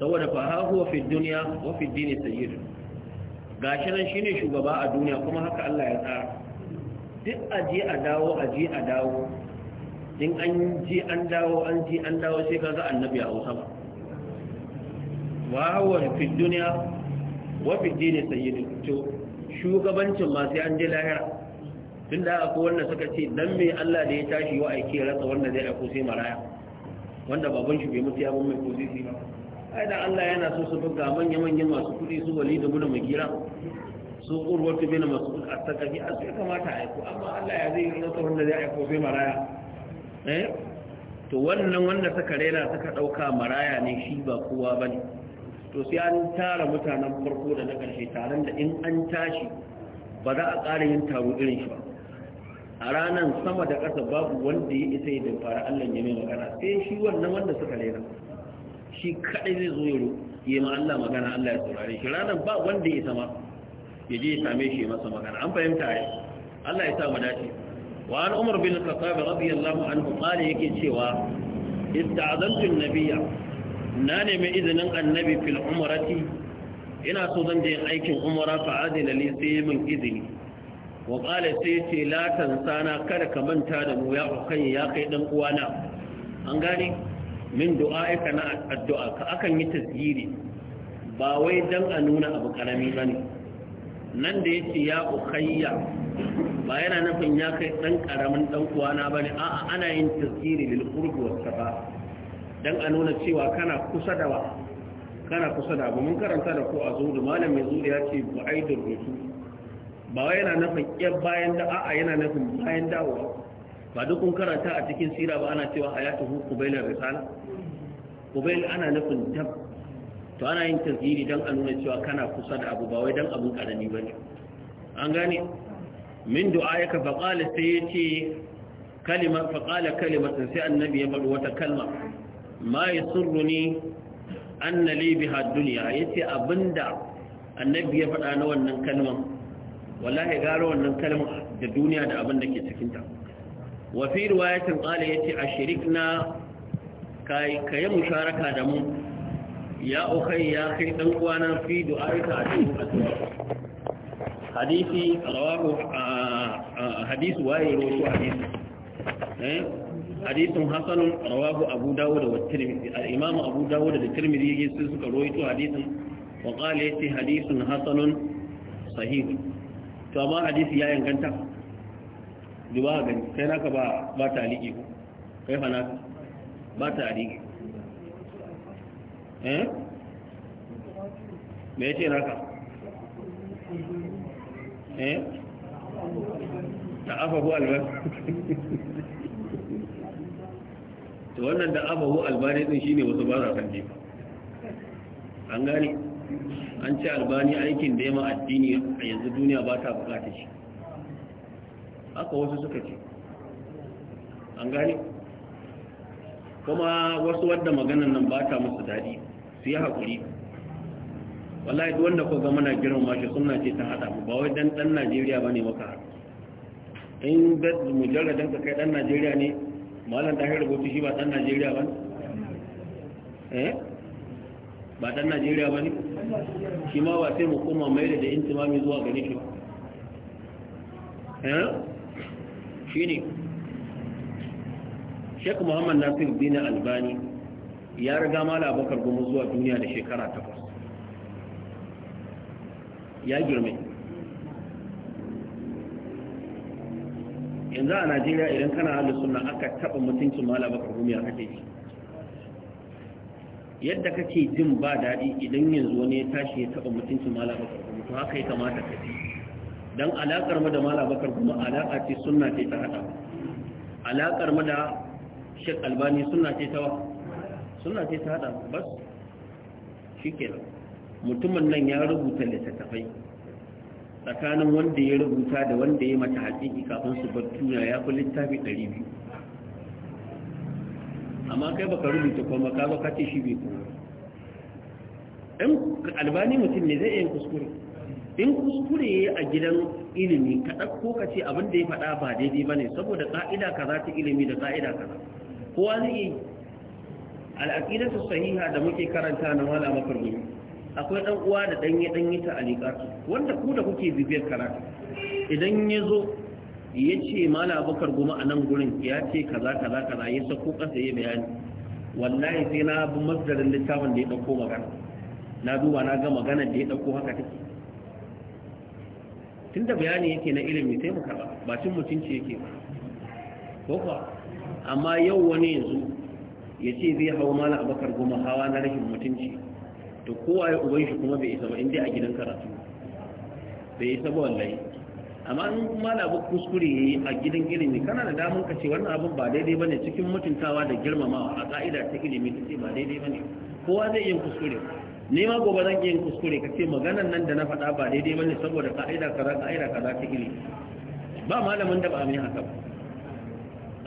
Speaker 1: saboda fa ha huwa fi dunya wa fi dini sayyid gashi nan shine shugaba a duniya kuma haka Allah ya tsara duk aje a dawo aje a dawo din an ji an dawo an ji an dawo sai kaga annabi a hausa ba wa huwa fi dunya wa fi dini sayyid to shugabancin ma sai an je lahira tun da akwai wanda suka ce dan me Allah da ya tashi wa aiki rasa wanda zai aiko sai maraya wanda baban shi bai mutu ya mun mai ko ba ai da Allah yana so su buga manya-manyan masu kuɗi su wali da gudu magira su urwatu bin mas'ud at-taqafi a su kamata a aiko amma Allah ya zai yi wata wanda zai aiko sai maraya eh to wannan wanda suka rera suka dauka maraya ne shi ba kowa ba ne. to sai an tara mutanen farko da na karshe taron da in an tashi ba za a ƙara yin taro irin shi ba a ranar sama da ƙasa babu wanda ya isa ya fara Allah ya mai magana sai shi wannan wanda suka rera shi kaɗai zai zo yaro ya ma Allah magana Allah ya saurare shi ranar ba wanda ya sama ya je ya same shi ya masa magana an fahimta ai Allah ya sa mu dace wa an Umar bin Khattab radiyallahu anhu qala yake cewa ista'azantu an-nabiyya na nemi izinin annabi fil umrati ina so zan je aikin umra fa adila li sai min izini wa qala sai ce la tansana kada ka manta da mu ya ukai ya kai dan uwana an gane min du'a'ika na addu'a ka akan yi tasiri ba wai dan a nuna abu karami bane nan da yace ya ukhayya ba yana nufin ya kai dan karamin dan uwana bane a'a ana yin tasiri lil qurbi was safa dan a nuna cewa kana kusa da wa kana kusa da abu mun karanta da ku a zuhudu malam mai zuhudu ya ce bu'aidur rusul ba wai yana nufin yar bayan da a'a yana nufin bayan dawowa ba duk kun karanta a cikin sira ba ana cewa hayatuhu qubailar risala qubail ana nufin dab to ana yin tasiri dan a nuna cewa kana kusa da abu ba wai dan abun karami bane an gane min du'ayaka fa qala sai yace kalima fa qala kalimatan sai annabi ya faɗi wata kalma ma yasurruni anna li biha dunya yace abinda annabi ya faɗa na wannan kalman wallahi gara wannan kalman da duniya da abin da ke cikinta wafi riwayatin ƙala ya ce a shirikna ka yi musharaka da mu ya ukai ya kai ɗan kwana fi du'arika a cikin addu'a hadisi rawahu hadisu waye rawahu hadisi eh hadisin hasanun rawahu abu dawo da tirmidhi al-imam abu dawo da tirmidhi sun suka rawaito hadisin wa qala yace hadisun hasanun sahih to amma hadisi ya inganta duba ga kai naka ba ba ta liƙi ko kai fa naka ba ta liƙi eh me yace naka
Speaker 2: eh ta'afahu albar?
Speaker 1: to wannan da afahu albani din shine wasu ba za san jefa an gane an ce albani aikin da ya ma addini a yanzu duniya ba ta bukata shi haka wasu suka ce an gane kuma wasu wadda maganan nan ba ta musu daɗi su yi haƙuri wallahi duk wanda ko ga mana girin mashi suna ce ta haɗa mu ba wai dan ɗan najeriya ba ne maka in da mujarradan ka kai ɗan najeriya ne malam ta rubutu shi ba ɗan najeriya ba ne eh ba ɗan najeriya ba ne shi ma ba sai mu koma mai da intimami zuwa gare shi ba eh shine Sheikh Muhammad Nasir bin Albani ya riga mala Bakar Goma zuwa duniya da shekara takwas ya girme yanzu a Najeriya idan kana halin suna aka taɓa mutuncin mala Abubakar Goma ya kake yadda kake jin ba daɗi idan yanzu wani ya tashi ya taɓa mutuncin mala Abubakar Goma to haka ya kamata ka ji dan alakar mu da mala bakar kuma alaka ce sunna ce ta hada alakar mu da shek albani sunna ce ta wa? sunna ce ta hada bas shikenan mutumin nan ya rubuta littattafai tsakanin wanda ya rubuta da wanda ya mata haƙiƙi kafin su bar duniya ya fi littafi 200 amma kai baka rubuta kuma ka zo ka ce shi bai kuma in albani mutum ne zai iya kuskure in kuskure ya a gidan ilimi ka ɗauko ka ce abin da ya faɗa ba daidai ba ne saboda ƙa'ida za ta ilimi da ƙa'ida kaza kowa zai yi ta sahiha da muke karanta na wala makarbi akwai ɗan uwa da ɗanye ɗanye ta alikatu wanda ku da kuke bibiyar karatu idan ya zo ya ce mala bakar goma a nan gurin ya ce kaza kaza kaza ya sako ƙasa ya bayani wallahi sai na bi masdarin littafin da ya ɗauko magana na duba na ga magana da ya ɗauko haka take tun da bayani yake na ilimi sai mu karba ba cin mutunci yake ba ko kuwa amma yau wani yanzu ya ce zai hau mala abakar goma hawa na rashin mutunci to kowa ya uban shi kuma bai isa ba inda a gidan karatu bai isa ba wallahi amma an kuma da abin kuskure yayi a gidan ilimi kana da damun ka ce wannan abin ba daidai bane cikin mutuntawa da girmamawa a ka'ida ta ilimi ta ce ba daidai bane kowa zai yin kuskure ni ma gobe zan yin kuskure ka ce maganan nan da na faɗa ba daidai bane saboda ka'ida kaza ka'ida kaza ta ilimi ba malamin da ba mai haka ba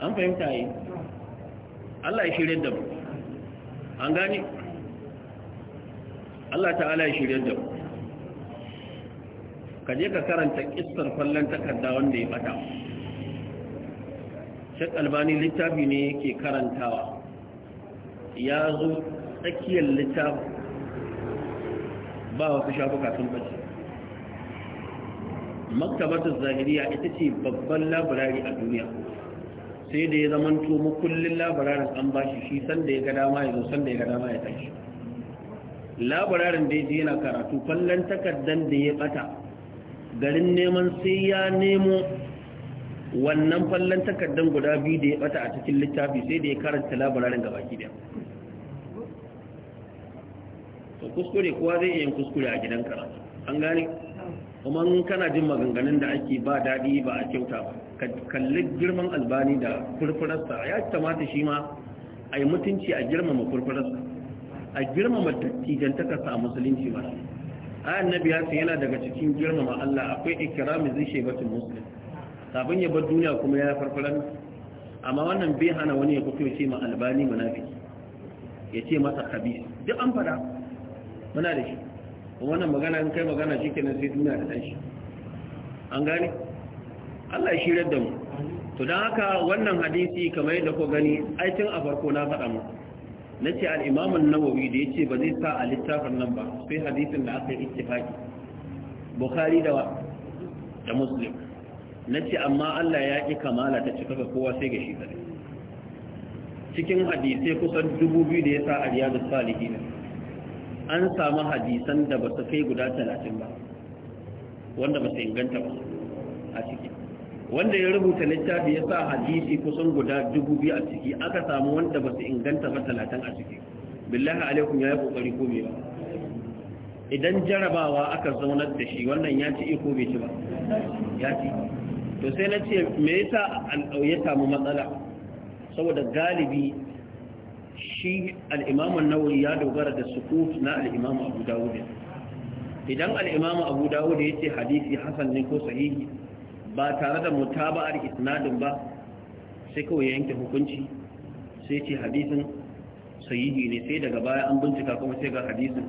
Speaker 1: an fahimta yi Allah ya shirye da mu an gane Allah ta'ala ya shirye da mu ka je ka karanta kissar kallon takarda wanda ya bata Sheikh Albani littafi ne yake karantawa ya zo tsakiyar littafi ba wasu shafuka sun bace maktabatar zahiriya ita ce babban labarari a duniya sai da ya zamanto kullum labararin an bashi shi sanda ya ga dama ya zo sanda ya ga dama ya tashi labararin da ya je yana karatu kallon takardan da ya bata garin neman sai ya nemo wannan fallon takardan guda biyu da ya bata a cikin littafi sai da ya karanta labararin gabaki daya ka kuskure kowa zai iya kuskure a gidan ka an gane kuma kana jin maganganun da ake ba daɗi ba a kyauta ba kalli girman albani da furfurarsa ya kamata shi ma a yi mutunci a girmama furfurarsa a girmama takasa a musulunci ba a nabi ya ce yana daga cikin girmama Allah akwai ikrami zai shebatun musulmi. Sabon ya bar duniya kuma ya farfaran amma wannan bai hana wani ya ya ce ma albani munafiki ya ce masa khabis duk an fada muna da shi wannan magana in kai magana shi kenan sai duniya da ɗanshi an gane allah ya shirar da mu to don haka wannan hadisi kamar yadda ku gani aikin a farko na faɗa mu na ce al'imamun nawawi da ya ce ba zai sa a littafin nan ba sai hadisin da aka yi ittifaki bukari da da muslim na ce amma allah ya ƙi kamala ta cika ga kowa sai ga shi cikin hadisai kusan dubu biyu da ya sa a riyadu salihi an samu hadisan da ba su kai guda talatin ba wanda ba su inganta ba a ciki wanda ya rubuta littafi ya sa hadisi kusan guda dubu biyu a ciki aka samu wanda ba su inganta ba talatin a ciki billahi alaikum ya yi kokari ko me ba idan jarabawa aka zaunar da shi wannan ya ci iko bai ci ba ya ci to sai na ce me yasa ya samu matsala saboda galibi shi al'imaman imam ya dogara da sukut na al abu dawud idan al Abu abu dawud ce hadisi Hassan ne ko sahihi ba tare da mutaba'ar isnadin ba sai kawai yanke hukunci sai ce hadisin sahihi ne sai daga baya an bincika kuma sai ga hadisin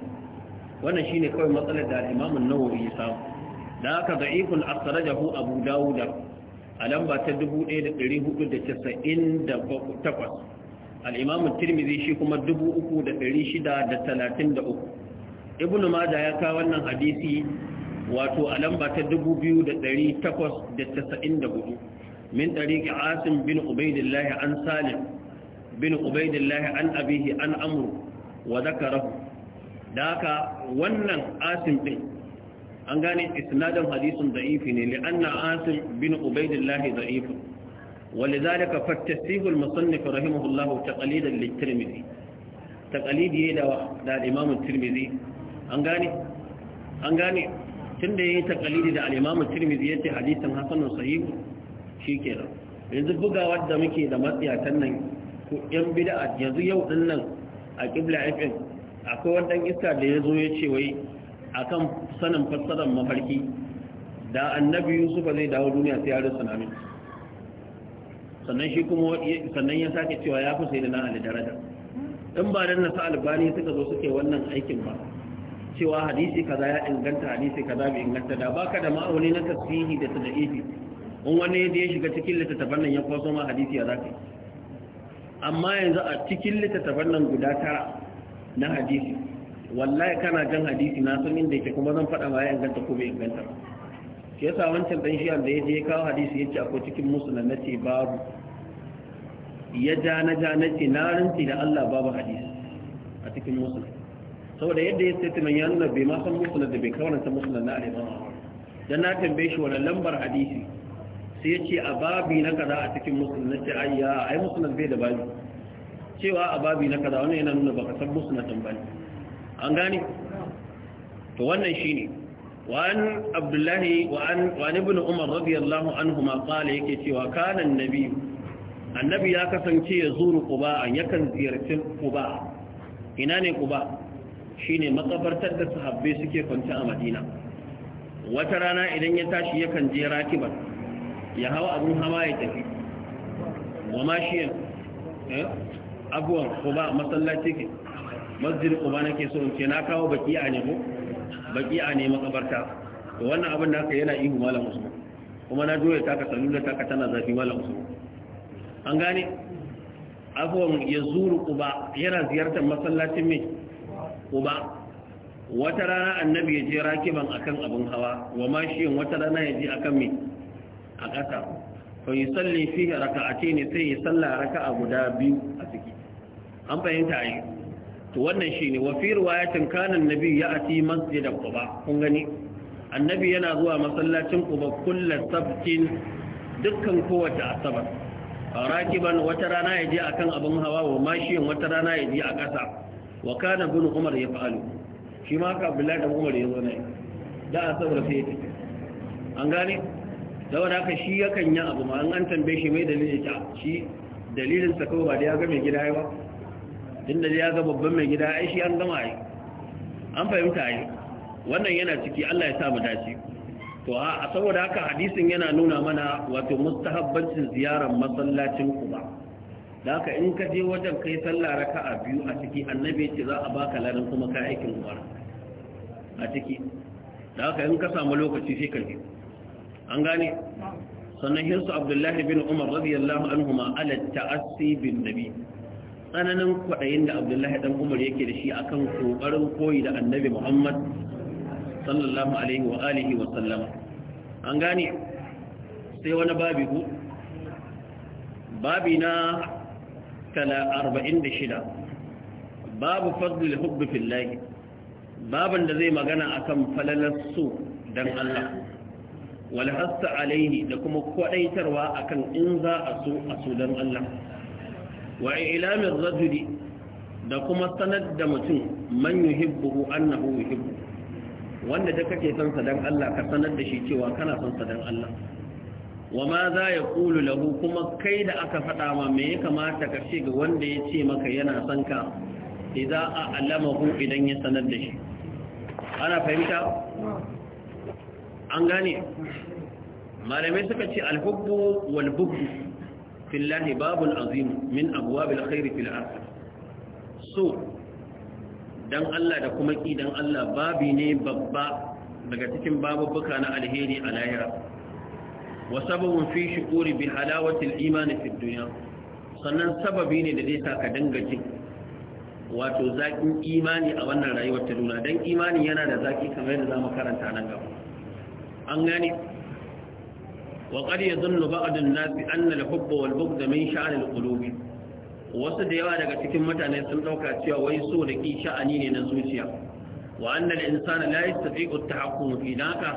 Speaker 1: wannan shi ne kawai matsalar da al'imaman imam ya samu da haka da'ifun akhrajahu abu dawud a lamba ta 1498 al'imamun tirmizi shi kuma dubu uku da ɗari shida da talatin da uku ibn maja ya kawo wannan hadisi wato a lamba ta dubu biyu da ɗari takwas da tasa'in da hudu min ɗari asim bin ubaidillahi an salim bin ubaidillahi an abihi an amuru wa da haka wannan asim ɗin an gane isnadin hadisin da'ifi ne li'anna asim bin ubaidillahi da'ifin ولذلك فالتسيه المصنف رحمه الله تقليدا للترمذي تقليد يدا دا الإمام الترمذي أنغاني أنغاني tunda yayi taqalidi da al-Imam Tirmidhi yace hadisin hasanun sahih shikenan yanzu bugawar da muke da matsiyatan nan ko yan bid'a yanzu yau din nan a Qibla FM akwai wannan iska da yazo yace wai akan sanin fassarar mafarki da Annabi Yusuf zai dawo duniya sai ya rasa namin sannan shi kuma sannan ya sake cewa ya fi na ali daraja in ba dan nasa albani suka zo suke wannan aikin ba cewa hadisi kaza ya inganta hadisi kaza bai inganta da baka da ma'auni na tasihi da tadaifi in wani da ya shiga cikin littattafan nan ya kwaso ma hadisi ya zaka amma yanzu a cikin littattafan nan guda tara na hadisi wallahi kana jan hadisi na san inda yake kuma zan faɗa ma ya inganta ko bai inganta ba ke yasa wancan dan shi da ya je kawo hadisi yace akwai cikin musulman nace babu ya ja na ja nace na rinci da Allah babu hadisi a cikin musulman saboda yadda ya statement ya nuna bai ma san musulman da bai kawo ta musulman na alimama dan na tambaye shi wani lambar hadisi sai ya ce a babi na kaza a cikin musulman nace ayya ai musulman bai da babi cewa a babi na kaza wannan yana nuna baka san musulman tambani an gane to wannan shine وعن عبد الله وعن, وعن ابن عمر رضي الله عنهما قال يكي وكان النبي النبي يا كسنتي يزور قباء يكن زيارتين قباء ina ne kuba shine makabartar da sahabbai suke kwanci a madina wata rana idan ya tashi yakan je rakiban ya hawa abin hawa ya tafi wa mashiyan abuwan kuba masallaci ke masjid kuba nake so in ce na kawo baki a nebo baki'a ne makabarta to wannan abin da aka yana ihu malam usman kuma na doye taka salula taka tana zafi malam usman an gane abuwan ya zuru kuba yana ziyartar masallacin mai kuba wata rana annabi ya je rakiban akan abin hawa wa shi wata rana ya je akan mai a ƙasa fa yi salli fi raka'atayn ne sai ya salla raka'a guda biyu a ciki an fahimta a yi to wannan shine wa fi riwayatin kana annabi ya'ti masjid kuba kun gani annabi yana zuwa masallacin kuba kullum sabbin dukkan kowace asabar rakiban wata rana ya je a kan abin hawa wa mashiyin wata rana ya je a ƙasa wa kana bin umar ya fa'alu shi ma ka abdullahi da umar ya zo ne da asabar sai ya an gane wani haka shi yakan yi abu ma an tambaye shi mai dalilin ta shi dalilin sa ba da ya ga mai gida yawa tun da ya ga babban mai gida ai shi an gama ai an fahimta ai wannan yana ciki Allah ya sa mu dace to a saboda haka hadisin yana nuna mana wato mustahabbancin ziyarar masallacin Quba da haka in ka je wajen kai sallah raka'a biyu a ciki annabi ya ce za a baka ladan kuma ka aikin umar a ciki da haka in ka samu lokaci sai ka je an gane sannan hirsu abdullahi bin umar radiyallahu anhuma ala ta'assi bin nabi tsananin kwaɗayin da abdullahi dan umar yake da shi akan kokarin koyi da annabi muhammad sallallahu alaihi wa alihi wa sallama an gane sai wani babi ku babi na shida. babu fadlul hubbi fillahi baban da zai magana akan falalar su dan Allah wal hasa alaihi da kuma kwadaitarwa akan in za a so a so dan Allah wa ilamin rajuli da kuma sanar da mutum man yuhibbuhu annahu Hibbu, wanda da kake son sa Allah ka sanar da shi cewa kana son sa Allah wa ma za ya qulu lahu kuma kai da aka faɗa ma me ya kamata ka ce ga wanda ya ce maka yana son ka idan a alamahu idan ya sanar da shi ana fahimta an gane malamai suka ce alhubbu wal bughu fillahi babu azim min abwabil khairi fil ardh so dan Allah da kuma ki dan Allah babi ne babba daga cikin babubuka na alheri a lahira wa sababun fi shukuri bi halawatil iman fi sannan sababi ne da zai sa ka danga wato zaƙin imani a wannan rayuwar ta duniya dan imani yana da zaƙi kamar yadda mu karanta nan gaba an gane wa qad yadhunnu ba'd an-nas anna al-hubb wal-bughd min sha'n al wasu da yawa daga cikin mutane sun dauka cewa wai so da ki sha'ani ne na zuciya wa anna al-insana la yastati'u at-tahakkum fi naka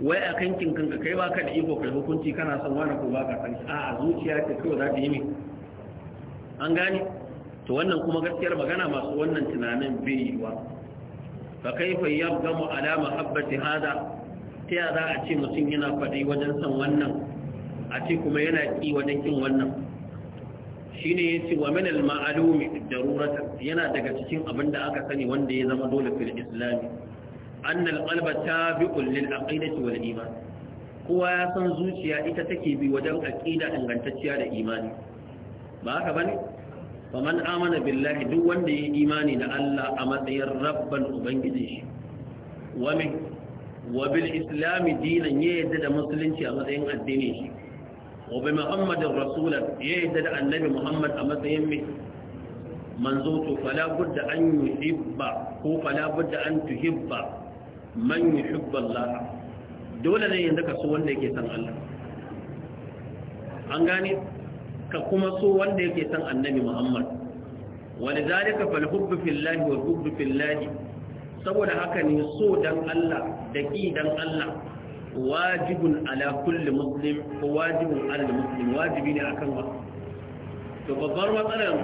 Speaker 1: wai a kankin kanka kai ba ka da iko kai hukunci kana son wani ko baka san a zuciya ce kawai za ta yi min an gane to wannan kuma gaskiyar magana masu wannan tunanin bai yi wa fa kaifa yabgamu ala mahabbati hada ta za a ce mutum yana faɗi wajen san wannan a ce kuma yana ƙi wajen ƙin wannan shi ne ya ce wa minal ma'alumi da rurata yana daga cikin abin da aka sani wanda ya zama dole fil islami annal ta bi lil aqidati wal iman kowa ya san zuciya ita take bi wajen aƙida ingantacciya da imani ba haka bane man amana billahi duk wanda ya imani da Allah a matsayin rabban ubangijin shi wa min wa bil islami dinan ya yadda da musulunci a matsayin addini shi wa bi muhammadin rasulan ya yadda da annabi muhammad a matsayin mai manzo to fala budda an yuhibba ko fala budda an tuhibba man yuhibba Allah dole ne yanzu ka so wanda yake san Allah an gane ka kuma so wanda yake san annabi Muhammad walidhalika fal hubbu fillahi wal hubbu fillahi saboda haka ne so dan Allah da ƙi dan Allah wajibin ala kulli muslim ko wajibun ala muslim wajibi ne akan ba? to babbar matsalar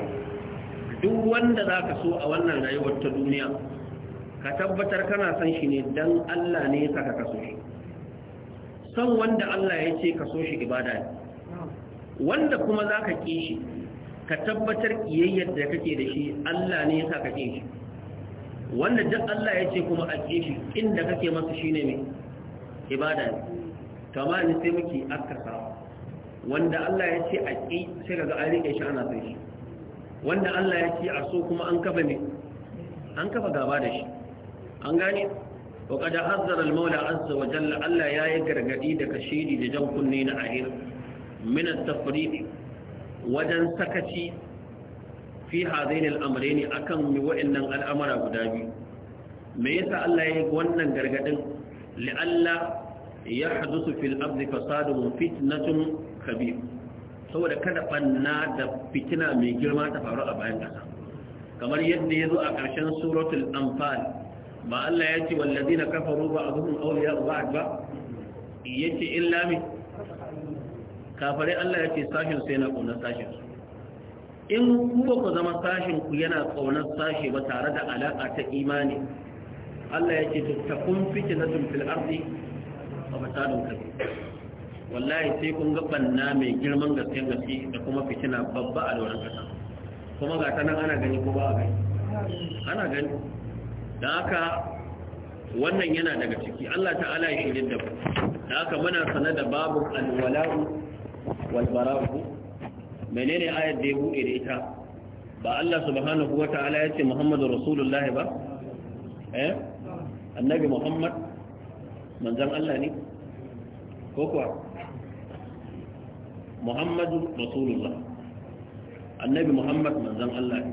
Speaker 1: duk wanda za ka so a wannan rayuwar ta duniya ka tabbatar kana san shi ne dan Allah ne ya ka kaso shi san wanda Allah ya ce ka so shi ibada ne wanda kuma zaka ki shi ka tabbatar kiyayyar da kake da shi Allah ne ya ka ki shi wanda duk Allah ya ce kuma a shi inda kake masa shine mai ibada ne kama ne sai muke akasa wanda Allah ya ce a ƙi sai kaga an rike shi ana sai shi wanda Allah ya ce a so kuma an kafa ne an kafa gaba da shi an gane wa qad hazzara al-maula azza wa jalla Allah ya yi gargadi da kashidi da jan kunne na ahir min at-tafriq wajen sakaci fi hadain al'amrain akan mi wa'annan al'amara guda biyu me yasa Allah ya yi wannan gargadin la'alla yahdusu fil ardi fasadun fitnatun kabir saboda kada banna da fitina mai girma ta faru a bayan kasa kamar yadda ya zo a ƙarshen suratul anfal ba Allah ya ce wallazi na kafaru ba abubuwan auliya ba ba ya ce in lami kafare Allah ya ce sashin sai na ƙunar sashin in ku ku zama sashin ku yana kaunar sashi ba tare da alaƙa ta imani Allah ya ce to takun fitnatun fil ardi wa fasadun kabir wallahi sai kun ga na mai girman gaske gaske da kuma fitina babba a doron kasa kuma ga ta nan ana gani ko ba a gani ana gani da haka wannan yana daga ciki Allah ta'ala ya shirin da da haka muna sana da babu alwala'u wal bara'u menene ayar da ya buɗe da ita ba Allah subhanahu wa ta'ala ya ce Muhammadu Rasulullahi ba eh annabi Muhammad manzan Allah ne ko kuwa Muhammadu Rasulullah annabi Muhammad manzan Allah ne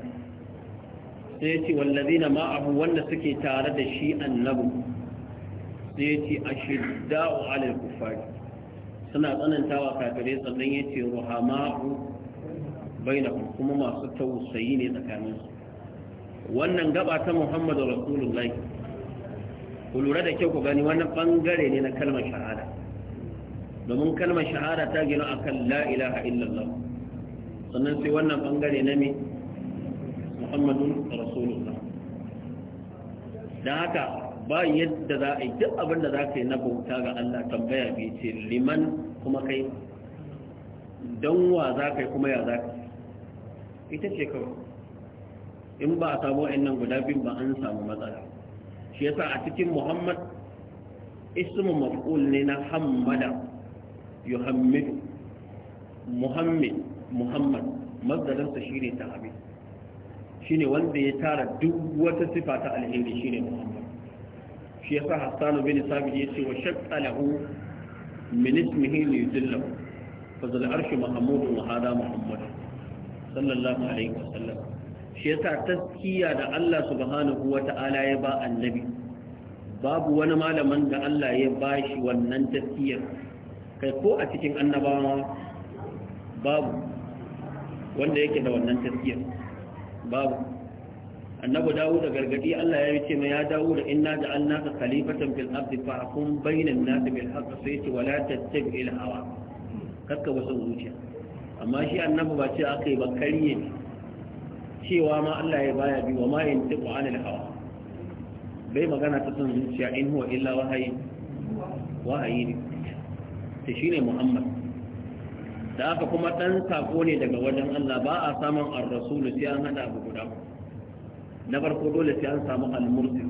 Speaker 1: sai ce wallazina ma'ahu wanda suke tare da shi annabi sai ce ashidda'u 'alal kuffari suna tsanantawa kafirai sannan yace ruhama'u Baina kuma masu tausayi ne tsakanin su wannan gaba ta Muhammadu Rasulullahi ku lura da kyau ku gani wannan bangare ne na kalmar shahada domin kalmar shahada ta gina akan la ilaha illallah sannan sai wannan bangare na me Muhammadu Rasulullah Da haka ba yadda za a yi duk abinda za ka yi na bauta ga Allah tambaya bai ce liman kuma kai don wa za ka yi kuma ya za ka yi ita ce kawai in ba a samu wa'annan guda biyun ba an samu matsala shi yasa a cikin muhammad ismu maf'ul ne na hammada yuhammidu muhammad muhammad mazdaransa shine tahabi shine wanda ya tara duk wata sifa ta alheri shine muhammad shi yasa hassan bin ya ce wa shaqqa lahu min ismihi li yudillahu fa zal arshi mahmudun wa hada muhammad sallallahu alaihi wasallam shi yasa taskiya da Allah subhanahu wata'ala ya ba annabi babu wani malaman da Allah ya ba shi wannan taskiyar kai ko a cikin annabawa babu wanda yake da wannan taskiyar babu annabi dawo da gargadi Allah ya yi ce ya dawo da inna naka khalifatan fil ardi fa hukum bainan nas bil haqq sai ce wala tattabi'il hawa kakka wasu zuciya amma shi annabi ba ce aka yi ba karye cewa ma Allah ya baya bi wa ma yantiqu anil hawa bai magana ta san zuciya in huwa illa wahayi wahayi ne ta shine Muhammad da aka kuma dan sako ne daga wajen Allah ba a samun ar-rasul sai an hada abu guda na farko dole sai an samu al-mursil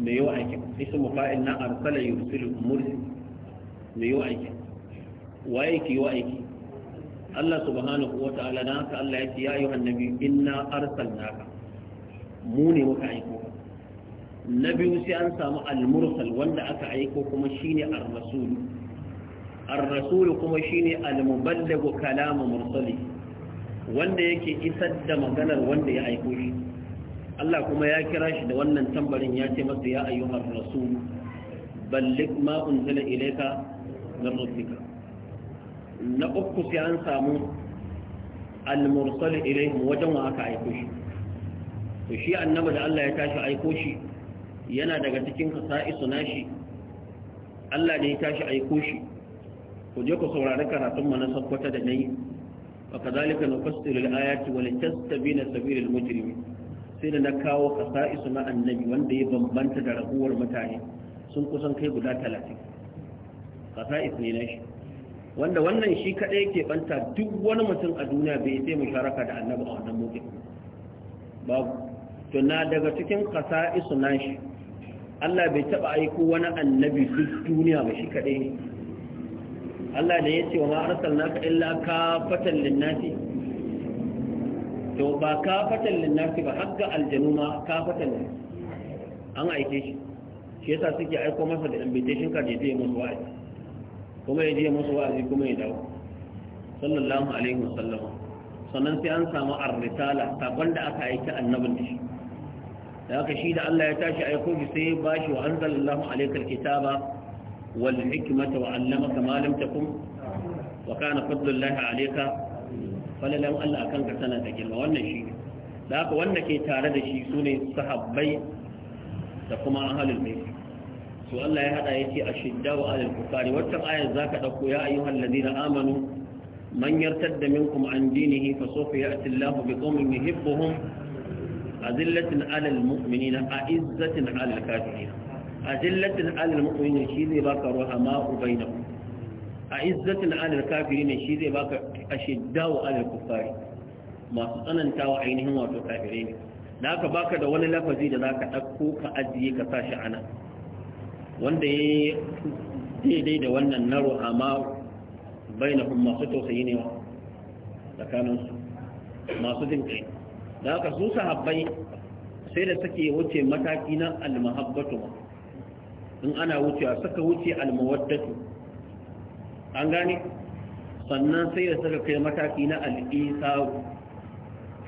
Speaker 1: mai yawa ake ismu fa'il na arsala yursilu mursil mai yawa ake waye ke waye ki Allah subhanahu wa ta'ala na haka Allah ya ce ya ayyuhan nabi inna arsalnaka mu ne muka aiko na biyu sai an samu al-mursal wanda aka aiko kuma shine ar-rasul ar-rasul kuma shine al-muballagu kalamu mursali wanda yake isar da maganar wanda ya aiko shi Allah kuma ya kira shi da wannan tambarin ya ce masa ya ayyuhar rasul balligh ma unzila ilayka min rabbika na uku sai an samu al-mursal ilaihim wajen wa aka aiko shi to shi annabi da Allah ya tashi aiko shi yana daga cikin kasa'isu nashi Allah ne ya tashi aiko shi ku je ku saurari karatun mu na da nayi wa kadhalika nufassilu al wa litastabina sabilul mujrimin sai da na kawo kasa'isu na annabi wanda ya bambanta da raguwar mutane sun kusan kai guda 30 kasa'is ne nashi wanda wannan shi kaɗai ke banta duk wani mutum a duniya bai yi sai musharaka da annabi a wannan mutum To na daga cikin kasa isu nashi Allah bai taɓa aiko wani annabi duk duniya ba shi kaɗai Allah da ya ce wa ma naka illa kafatan linnati? to ba kafatan linnati ba har ga aljanu ma kafatan an aike shi shi yasa suke aiko masa da invitation card ya je musu wa'azi kuma ya je musu wa'azi kuma ya dawo sallallahu alaihi wasallam sannan sai an samu ar-risala sakon da aka aika annabin da shi da aka shi da Allah ya tashi aiko shi sai ya bashi wa anzalallahu alaikal kitaba wal hikmata wa 'allamaka ma lam takun wa kana fadlullahi alayka falalan Allah akan ka sanar da girma wannan shi da aka wanda ke tare da shi sune sahabbai da kuma ahlul bait to Allah ya hada yace wa alal kufari wannan ayar zaka dauko ya ayyuhal ladina amanu man yartadda minkum an dinihi fasawfa ya'ti Allahu biqaumin yuhibbuhum azillatin alal mu'minina a'izzatin alal kafirin azillatin alal mu'minina shi zai baka ruhama bainakum a'izzatin alal kafirin shi zai baka wa alal kufari masu tsanantawa ainihin wato kafirai ne da aka baka da wani lafazi da za ka ɗauko ka ajiye ka sa shi ana wanda ya daidai da wannan na ruhama bainahum masu tausayi ne tsakaninsu masu jin kai da aka su sahabbai sai da suke wuce mataki na almahabbatu in ana wucewa suka wuce almawaddatu an gane sannan sai da suka kai mataki na al'isaru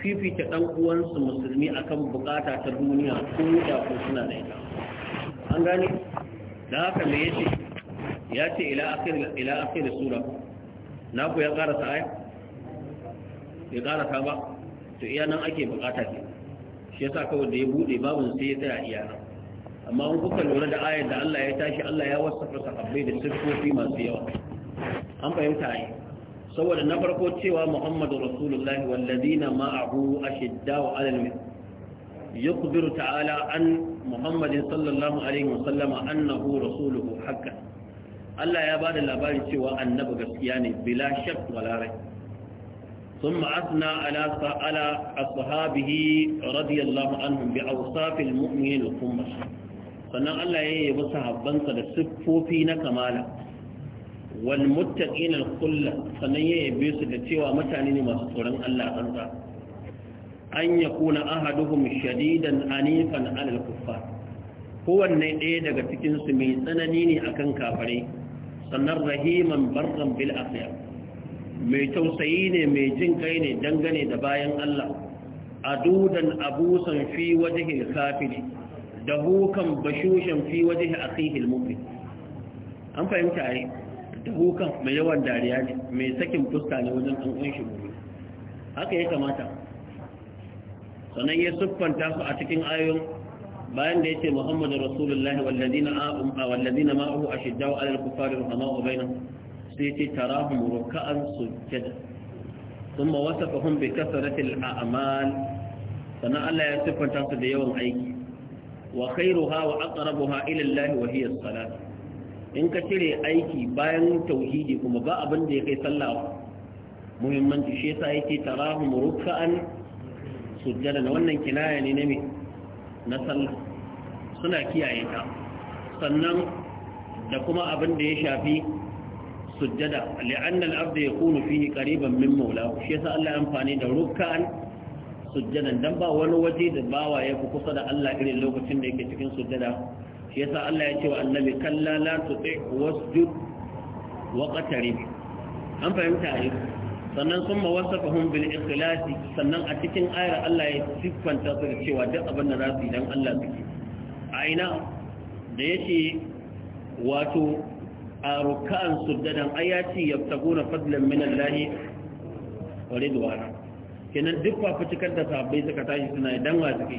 Speaker 1: fifita ɗan uwansu musulmi akan bukata ta duniya ko da ko suna da ita an gane dan haka me yace ya ce ila akhir ila sura na ku ya karasa aya ya karasa ba to iya nan ake bukata ke shi yasa kawai da ya bude babun sai ya tsaya iya nan amma an kuka lura da ayar da Allah ya tashi Allah ya wasafa sahabbai da siffofi masu yawa an fahimta ai saboda na farko cewa Muhammadu Rasulullahi wallazina ma'ahu ashiddaw 'alal mu'minin يخبر تعالى عن محمد صلى الله عليه وسلم أنه رسوله حقا الله يبعد الأبار سوى النبغ السياني بلا شك ولا ريب ثم أثنى على على أصحابه رضي الله عنهم بأوصاف المؤمنين القمش sannan Allah ya yabi sahabbansa da siffofi na kamala wal muttaqina al-kullu sannan ya yabe su da cewa mutane ne masu tsoron Allah tsantsa an ya yakuna ahaduhum shadidan anifan alal kuffar kowanne ɗaya daga cikinsu mai tsanani ne akan kafare sannan rahiman barzan bil afiya mai tausayi ne mai jin kai ne dangane da bayan Allah adudan abusan fi wajhil kafiri da hukan bashushan fi wajhi akhihi mufi. an fahimta ai da hukan mai yawan dariya ne mai sakin fuska ne wajen an kunshi mu'min haka ya kamata sannan ya siffanta su a cikin ayoyin bayan da ya ce muhammadu rasulullahi wallazina ma'ahu a shiddawa alal kufari ruhama wa bainan sai ce tarahum ruka'an sujjada ثم وصفهم بكثرة الأعمال Allah ya يصف تاسو da yawan aiki wa ha wa aqrabuha ha ilallahi wa hiya as in ka cire aiki bayan tauhidi kuma ba abin da ya kai sallah muhimmanci shi yasa yake tarahum ruk'an sujjada da wannan kinaya ne ne na sallah suna kiyaye ta sannan da kuma abin da ya shafi sujjada li'anna al-abd yakunu fihi qariban min mawlahu shi yasa Allah ya amfani da rukkan sujjada. dan ba wani waje da bawa ya fi kusa da Allah irin lokacin da yake cikin sujjada shi yasa Allah ya ce wa annabi kallala la tuti wasjud wa qatarib an fahimta ai sannan sun fahim bin ikhlasi sannan a cikin ayar Allah ya siffanta su da cewa duk abin da za su idan Allah suke a aina da yake wato a rukkan sujjadan ayati yabtaguna fadlan min Allah wa ridwana kenan duk cikar da sahabbai suka tashi suna dan wa suke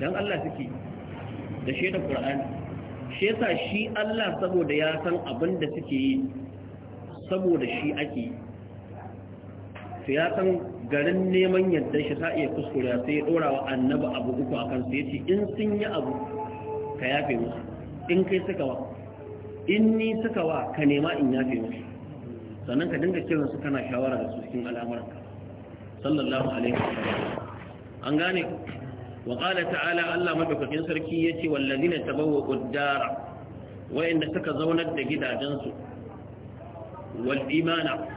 Speaker 1: dan Allah suke da shaidar Qur'ani shi yasa shi Allah saboda ya san abin da suke yi saboda shi ake yi to ya san garin neman yadda shi ta iya kuskure sai ya dora wa Annaba abu uku a akan ya ce, in sun yi abu ka yafe musu in kai suka wa in ni suka wa ka nema in yafe musu sannan ka dinga kiran su kana shawara da su cikin al'amuranka sallallahu alaihi wasallam an gane wa qala ta'ala Allah madaukakin sarki yace wallazina tabawwa'u dara wayanda suka zaunar da gidajensu wal imana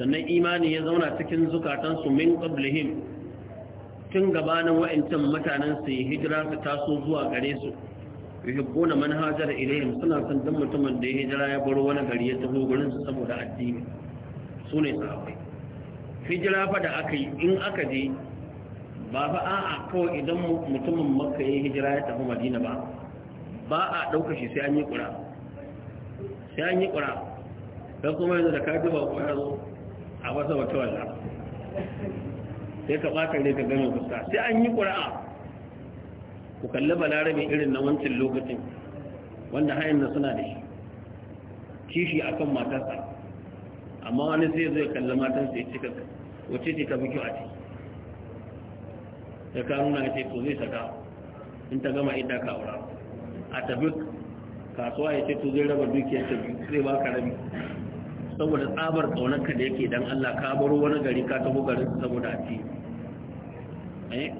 Speaker 1: sannan imani ya zauna cikin zukatansu min qablihim tun gabanin wa'ancan mutanen su yi hijira su taso zuwa gare su yuhibbuna man hajara ilayhim suna son dan mutumin da ya hijira ya bar wani gari ya taho gurin su saboda addini su ne sahabbai hijira fa da aka yi in aka je ba fa a'a kawai idan mutumin makka ya hijira ya tafi madina ba ba a ɗauka shi sai an yi ƙura sai an yi ƙura don kuma yanzu da kaji ba ƙura zo a wasa wata wallah sai ka baka ne ka gani fuska sai an yi ƙura'a ku kalli balarabe irin na wancan lokacin wanda hayan na suna da shi kishi akan matarsa amma wani sai zai kalli matarsa ya cika wace ce ka fi kyau a ce da ka nuna ce ko zai saka in ta gama ita ka aura a tafi kasuwa ya ce to zai raba dukiyar ta biyu zai ba ka rabi saboda tsabar ka da yake dan Allah ka baro wani gari ka taho garin saboda a ci eh?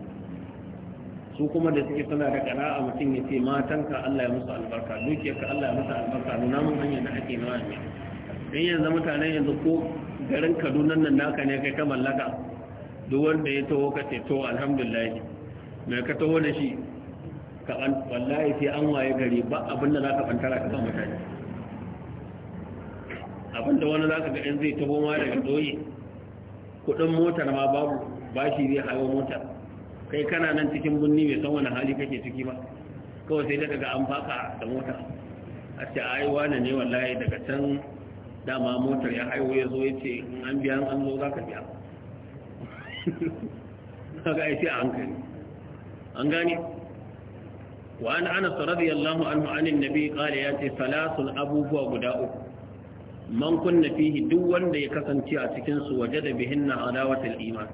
Speaker 1: su kuma da suke suna da a mutum ya ce matanka Allah ya musu albarka ka Allah ya musu albarka nuna mun hanyar da ake nawa ne dan yanzu mutane yanzu ko garin Kaduna nan naka ne kai ka mallaka duk wanda ya taho ka ce to alhamdulillah me ka taho da shi ka wallahi sai an waye gari ba abin da zaka bantara ka ba mutane abinda wani za ka ga in zai tabo ma daga doyi kudin motar ma babu bashi zai hawa motar kai kana nan cikin birni mai san wani hali kake ciki ba kawai sai daga an baka da mota a ce ai wane ne wallahi daga can dama motar ya haihu ya zo ya ce in an biya an zo za ka biya kaga ai sai a hankali an gane wa an anas yallahu anhu anin nabi kala ya ce salasul abubuwa guda uku man kunna fihi duk wanda ya kasance a cikin su bihin na adawatul iman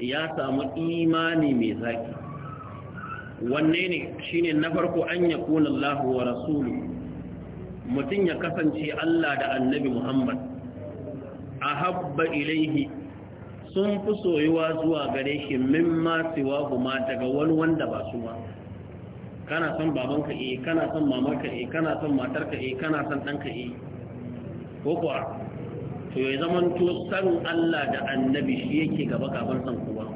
Speaker 1: ya samu imani mai zaki wanne ne shine na farko an kuna Allah wa rasulu mutum ya kasance Allah da annabi Muhammad ahabba ilaihi sun fi soyuwa zuwa gare shi mimma siwa kuma daga wani wanda ba su ba kana son babanka eh kana son mamarka eh kana son matarka eh kana son danka eh ko kuwa to ya zaman to Allah da annabi shi yake gaba kafin san kowa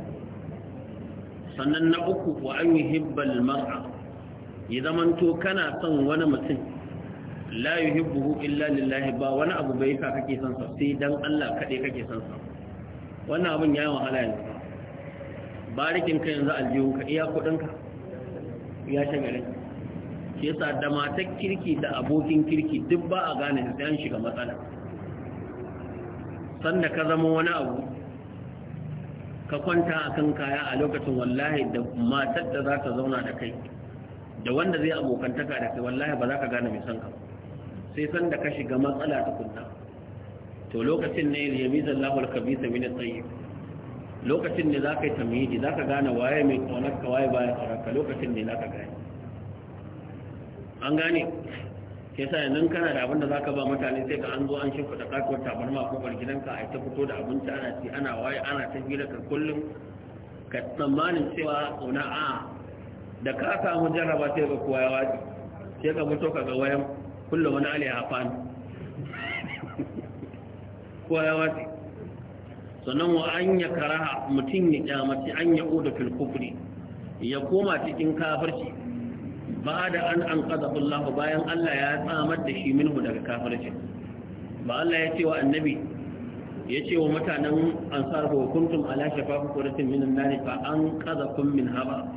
Speaker 1: sannan na uku wa an yi yuhibbal mar'a ya zaman to kana son wani mutum la yuhibbuhu illa lillahi ba wani abu bai ka kake son sa sai don Allah kade kake son sa wannan abin ya yi wahala ne barikin ka yanzu aljihun ka iya kudinka ya shagalin shi yasa da matar kirki da abokin kirki duk ba a gane su sai an shiga matsala sanda ka zama wani abu ka kwanta a kan kaya a lokacin wallahi da matar da za ta zauna da kai da wanda zai abokantaka da kai wallahi ba za ka gane mai son ka sai sanda ka shiga matsala ta kunna to lokacin ne yamiz Allahu al-kabisa min at-tayyib lokacin ne ka yi za ka gane waye mai kaunar waye baya kaunar lokacin ne ka gane an gane ke sa yanzu kana da abin da zaka ba mutane sai ka an zo an shimfa da katuwar tabarma ko bar gidanka a ta fito da abinci ana ci ana waye ana ta hira ka kullum ka tsammanin cewa tsona a da ka samu jarraba sai ka kowa ya waje sai ka mutu ka ga wayan kullum wani ali ya ni kowa ya waje sannan wa an ya karaha mutum ya kyamaci an ya oda fil ya koma cikin kafirci ba'da an anqadahu Allah bayan Allah ya tsamar da shi minhu daga kafirci ba Allah ya ce wa annabi ya ce wa mutanen ansar ko kuntum ala shafa quratin minan nar fa an qadakum min haba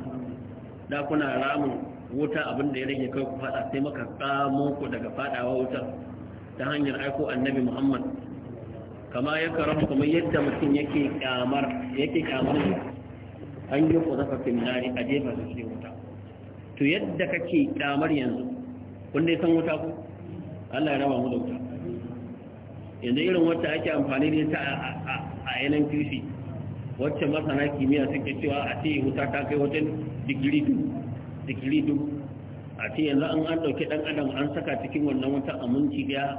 Speaker 1: da kuna ramin wuta abinda ya rage kai ku fada sai maka tsamo ku daga fadawa wutar ta hanyar aiko annabi Muhammad kama ya karamu kuma yadda mutum yake kyamar yake kyamar an yi ku nari a jefa su ce wuta to yadda kake kamar yanzu wanda ya san wuta ku Allah ya raba mu da wuta yanzu irin wacce ake amfani da ta a yanan kirfi wacce masana kimiyya suke cewa a ce wuta ta kai wajen digiri duk a ce yanzu an an ɗauki ɗan adam an saka cikin wannan wuta a minti ɗaya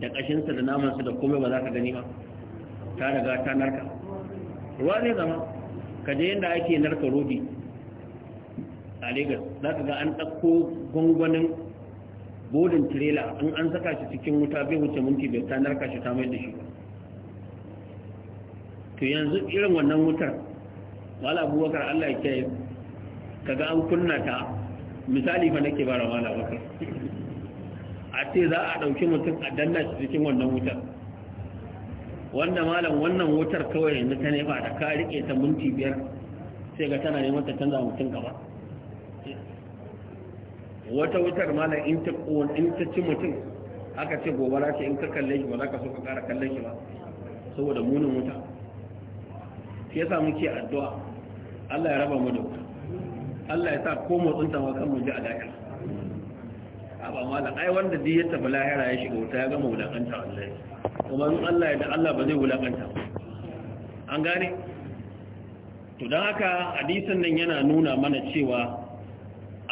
Speaker 1: da ƙashinsa da namansa da komai ba za ka gani ba ta riga ta narka ruwa zai zama ka je yadda ake narka rodi a za ka ga an ɗauko gwangwanin bodin tirela in an saka shi cikin wuta bai wuce minti bai ta narka shi ta mai da shi to yanzu irin wannan wutar wala abubakar Allah ya ka ga an kunna ta misali fa nake bara wala abubakar a ce za a ɗauki mutum a danna shi cikin wannan wutar wanda malam wannan wutar kawai yanzu ta nefa da ka riƙe ta minti biyar sai ga tana neman ta canza mutum gaba wata wutar malam in ta in ta ci mutum aka ce gobara ce in ka kalle shi ba za ka so ka kara kallon shi ba saboda munin wuta shi yasa muke addu'a Allah ya raba mu da wuta Allah ya sa ko motsin ta ma kan mu ji a dakar ba malam ai wanda duk ya tafi lahira ya shiga wuta ya gama wulakanta ya kuma in Allah ya da Allah ba zai wulakanta an gane to don haka hadisin nan yana nuna mana cewa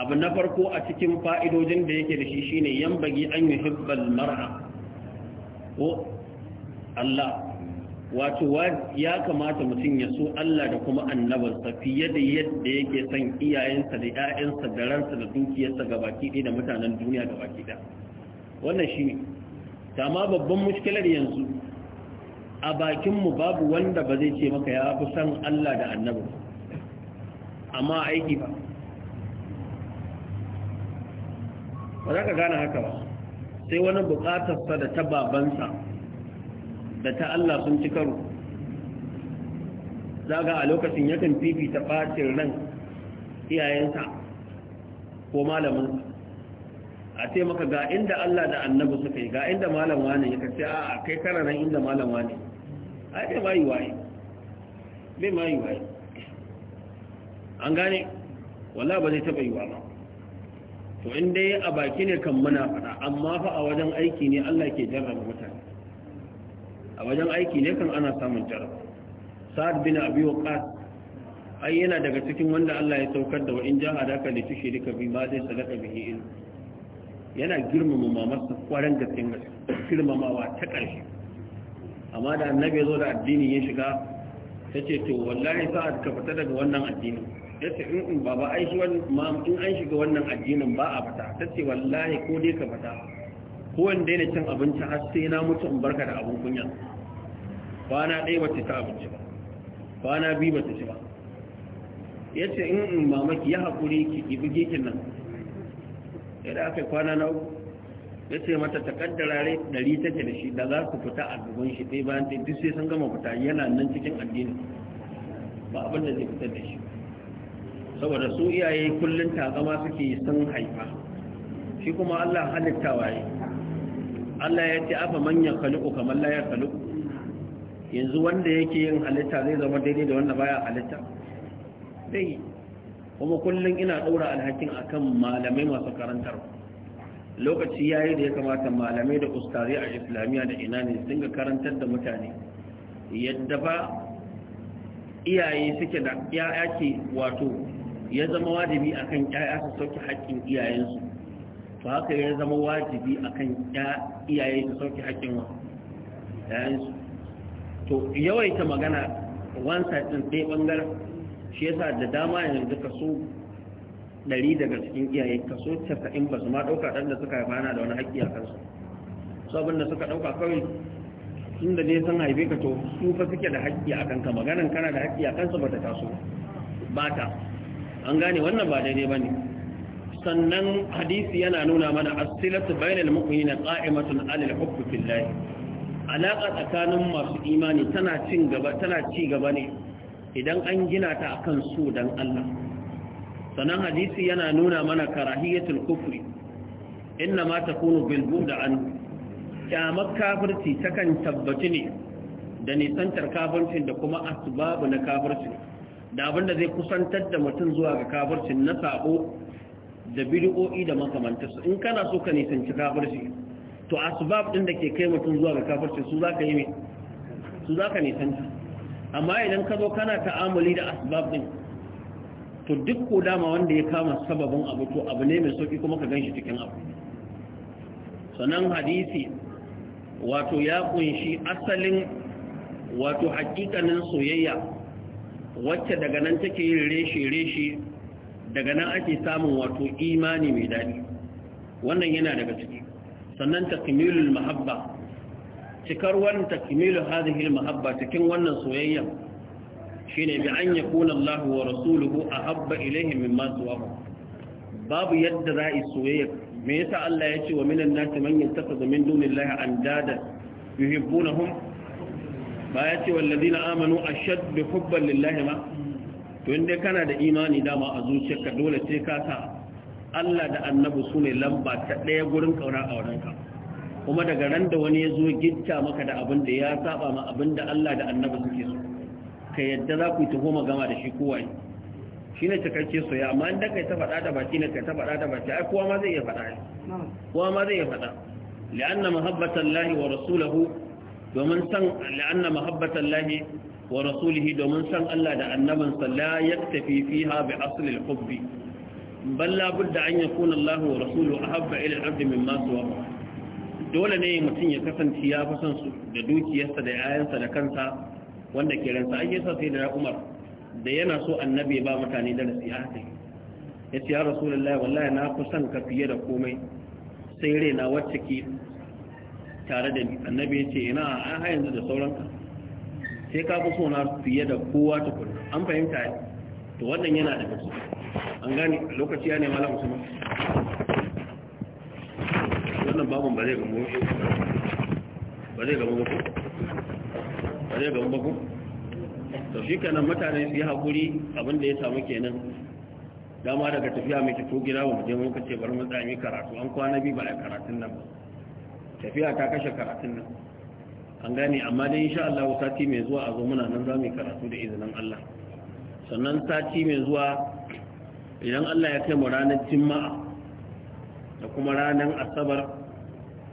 Speaker 1: abu na farko a cikin fa'idojin da yake da shi shine yan bagi an yi hibbal mar'a ko Allah wato ya kamata mutum ya so Allah da kuma annabarsa fiye da yadda yake son iyayensa da ‘ya'yansa da ransa da dukiyarsa ga baki ɗaya da mutanen duniya ga baki wannan shi ne Ta ma babban mushkilar yanzu a bakinmu babu wanda ba zai ce maka ya fi son Allah da annabi amma aiki ba ba za ka gane haka ba sai wani bukatarsa da ta babansa da ta Allah sun ci karo ga a lokacin yakan fifita ɓacin ran iyayensa ko malamin a ce maka ga inda Allah da annabi suka yi ga inda malam wane ya kace a kai kana nan inda malam wane a ce mai waye mai mai waye an gane wallahi ba zai taba yi wa ba to in dai a baki ne kan muna faɗa amma fa a wajen aiki ne Allah ke jarraba mutane a wajen aiki ne kan ana samun jarraba sa'ad bin abi waqas ai yana daga cikin wanda Allah ya saukar da wa in jahadaka li tushrika bi ma zai sadaka bihi in yana girmama mamarsa kwaran gaske girmamawa ta ƙarshe amma da annabi ya zo da addini ya shiga ta ce to wallahi sa'ad ka fita daga wannan addini ya ce in mm, mm, ba ba ai shi in an shiga wannan addinin ba a fata ta ce wallahi ko dai ka fata ko wanda yana cin abinci har sai na mutu in barka da abin kunya kwana ɗaya bata ta abinci ba kwana biyu ta ci ba ya ce in mm, in mamaki ya haƙuri ki ibi gikin nan idan aka kwana na uku ya ce mata ta kaddarare ɗari take da shi da za su fita a gaban shi ɗaya bayan ɗaya duk sai sun gama fita yana nan cikin addini ba abin da zai fitar da shi saboda su iyaye kullum zama suke sun haifa shi kuma Allah halitta waye Allah ya ce afa manyan ya kamar la ya kalu. yanzu wanda yake yin halitta zai zama daidai da wanda baya halitta dai kuma kullum ina daura alhakin akan malamai masu karantar lokaci yayi da ya kamata malamai da ustazi a islamiyya da ina ne sun ga karantar da mutane yadda ba iyaye suke da ya ake wato ya zama wajibi kan ƴaƴa su sauke haƙƙin iyayensu to haka ya zama wajibi kan iyaye su sauke haƙƙin ƴaƴansu to yawaita magana wansa ɗin ɗaya ɓangaren shi ya sa da dama yanzu kaso ɗari daga cikin iyaye kaso in ba su ma ɗauka ɗan da suka haifa yana da wani haƙƙi a kansu abin da suka ɗauka kawai sun da dai sun haife ka to su fa suke da haƙƙi a kanka maganan kana da haƙƙi a kansu ba ta taso ba ta an gane wannan ba daidai ba ne sannan hadisi yana nuna mana asilatu bainal mu'minina qa'imatun 'ala hubbi fillah alaka tsakanin masu imani tana cin gaba tana ci gaba ne idan an gina ta akan so dan Allah sannan hadisi yana nuna mana karahiyatul kufri inna ma takunu bil bu'd an kyamar kafirci takan tabbaci ne da nisantar kafircin da kuma asbabu na kafirci da abinda zai kusantar da mutum zuwa ga kafircin na sabo da bidiyo'i da makamantarsa in kana so ka nisanci kafirci to asbab din da ke kai mutum zuwa ga kafirci su za ka yi su za ka nisanci amma idan ka zo kana ta'amuli da asbab din to duk ko dama wanda ya kama sababin abu to abu ne mai sauki kuma ka ganshi cikin abu sannan hadisi wato ya kunshi asalin wato hakikanin soyayya wacce daga nan take yin reshe-reshe daga nan ake samun wato imani mai daɗi wannan yana daga ciki sannan takmilul mahabba cikar wannan takmilul hadhihi mahabba cikin wannan soyayya shine bi an yakuna Allah wa rasuluhu ahabba min masu siwahu babu yadda za a soyayya me yasa Allah ya ce wa minan nasi man yattakhidhu min dunillahi na yuhibbunahum ba ya ce wallazi na amanu a shaddu hubban lillahi ma to inda kana da imani dama a zuciyarka dole ce ka sa Allah da Annabu su ne lamba ta ɗaya gurin ƙaura a wurinka kuma daga ran da wani ya zo gitta maka da abin da ya saba ma abin da Allah da Annabu suke so ka yadda za ku yi taho gama da shi kowa shi ne cikakke ya, amma inda kai ta faɗa da baki ne kai ta faɗa da baki ai kowa ma zai iya faɗa kowa ma zai iya faɗa li'anna mahabbatan lahi wa rasulahu domin san la'anna mahabbatan lahi wa rasulihi domin san Allah da annabinsa la yaktafi fiha bi asli al-hubb bal budda an yakuna Allah wa rasuluhu ahabba ila al-abd mimma suwa dole ne mutum ya kasance ya fi son su da dukiyarsa da yayansa da kansa wanda ke ransa ake sa sai da Umar da yana so annabi ba mutane da nasiha ta yace ya rasulullahi wallahi na fi ka fiye da komai sai raina wacce ke tare da ni annabi ya ce ina an ha yanzu da sauranka sai ka fi sona fiye da kowa ta an fahimta ne to wannan yana da gaske an gane lokaci ya ne malam usman wannan babun ba zai gamo ba zai gamo ba ba zai gamo ba ku to shi kenan mutane su yi hakuri abin da ya samu kenan dama daga tafiya mai tafi gida ba mu je mun kace bar mu karatu an kwana biyu ba a karatun nan ba tafiya ta kashe karatun nan an gane amma dai insha Allah sati mai zuwa a zo muna nan za mu karatu da izinin Allah sannan sati mai zuwa idan Allah ya kai mu ranar Juma'a da kuma ranar Asabar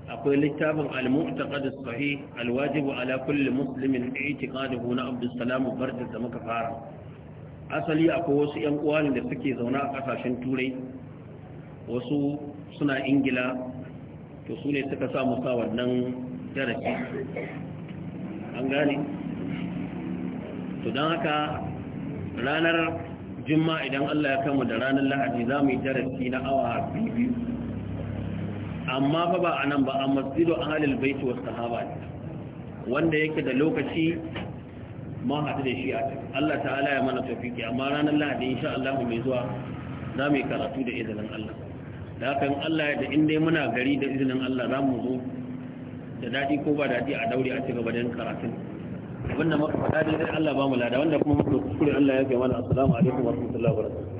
Speaker 1: akwai littafin al-mu'taqad as-sahih al-wajib ala kulli muslimin i'tiqaduhu na Abdul Salam Barkat da muka fara asali akwai wasu yan uwa da suke zauna a kasashen Turai wasu suna Ingila to su ne suka samu musa wannan darasi an gane to don haka ranar juma'a idan Allah ya kama da ranar lahadi za mu yi darasi na awa biyu amma ba ba a nan ba a masjidu halin baiti wasu sahaba wanda yake da lokaci ma hatu da shi a Allah ta'ala ya mana tafiki amma ranar lahadi insha Allah mai zuwa za mu yi karatu da izinin Allah da haka Allah ya da in dai muna gari da izinin Allah za mu zo da daɗi ko ba daɗi a daure a cigaba da yin karatun abinda muka faɗa dai Allah ba mu lada wanda kuma muka kuskure Allah ya kai mana assalamu alaikum wa rahmatullahi wa barakatuh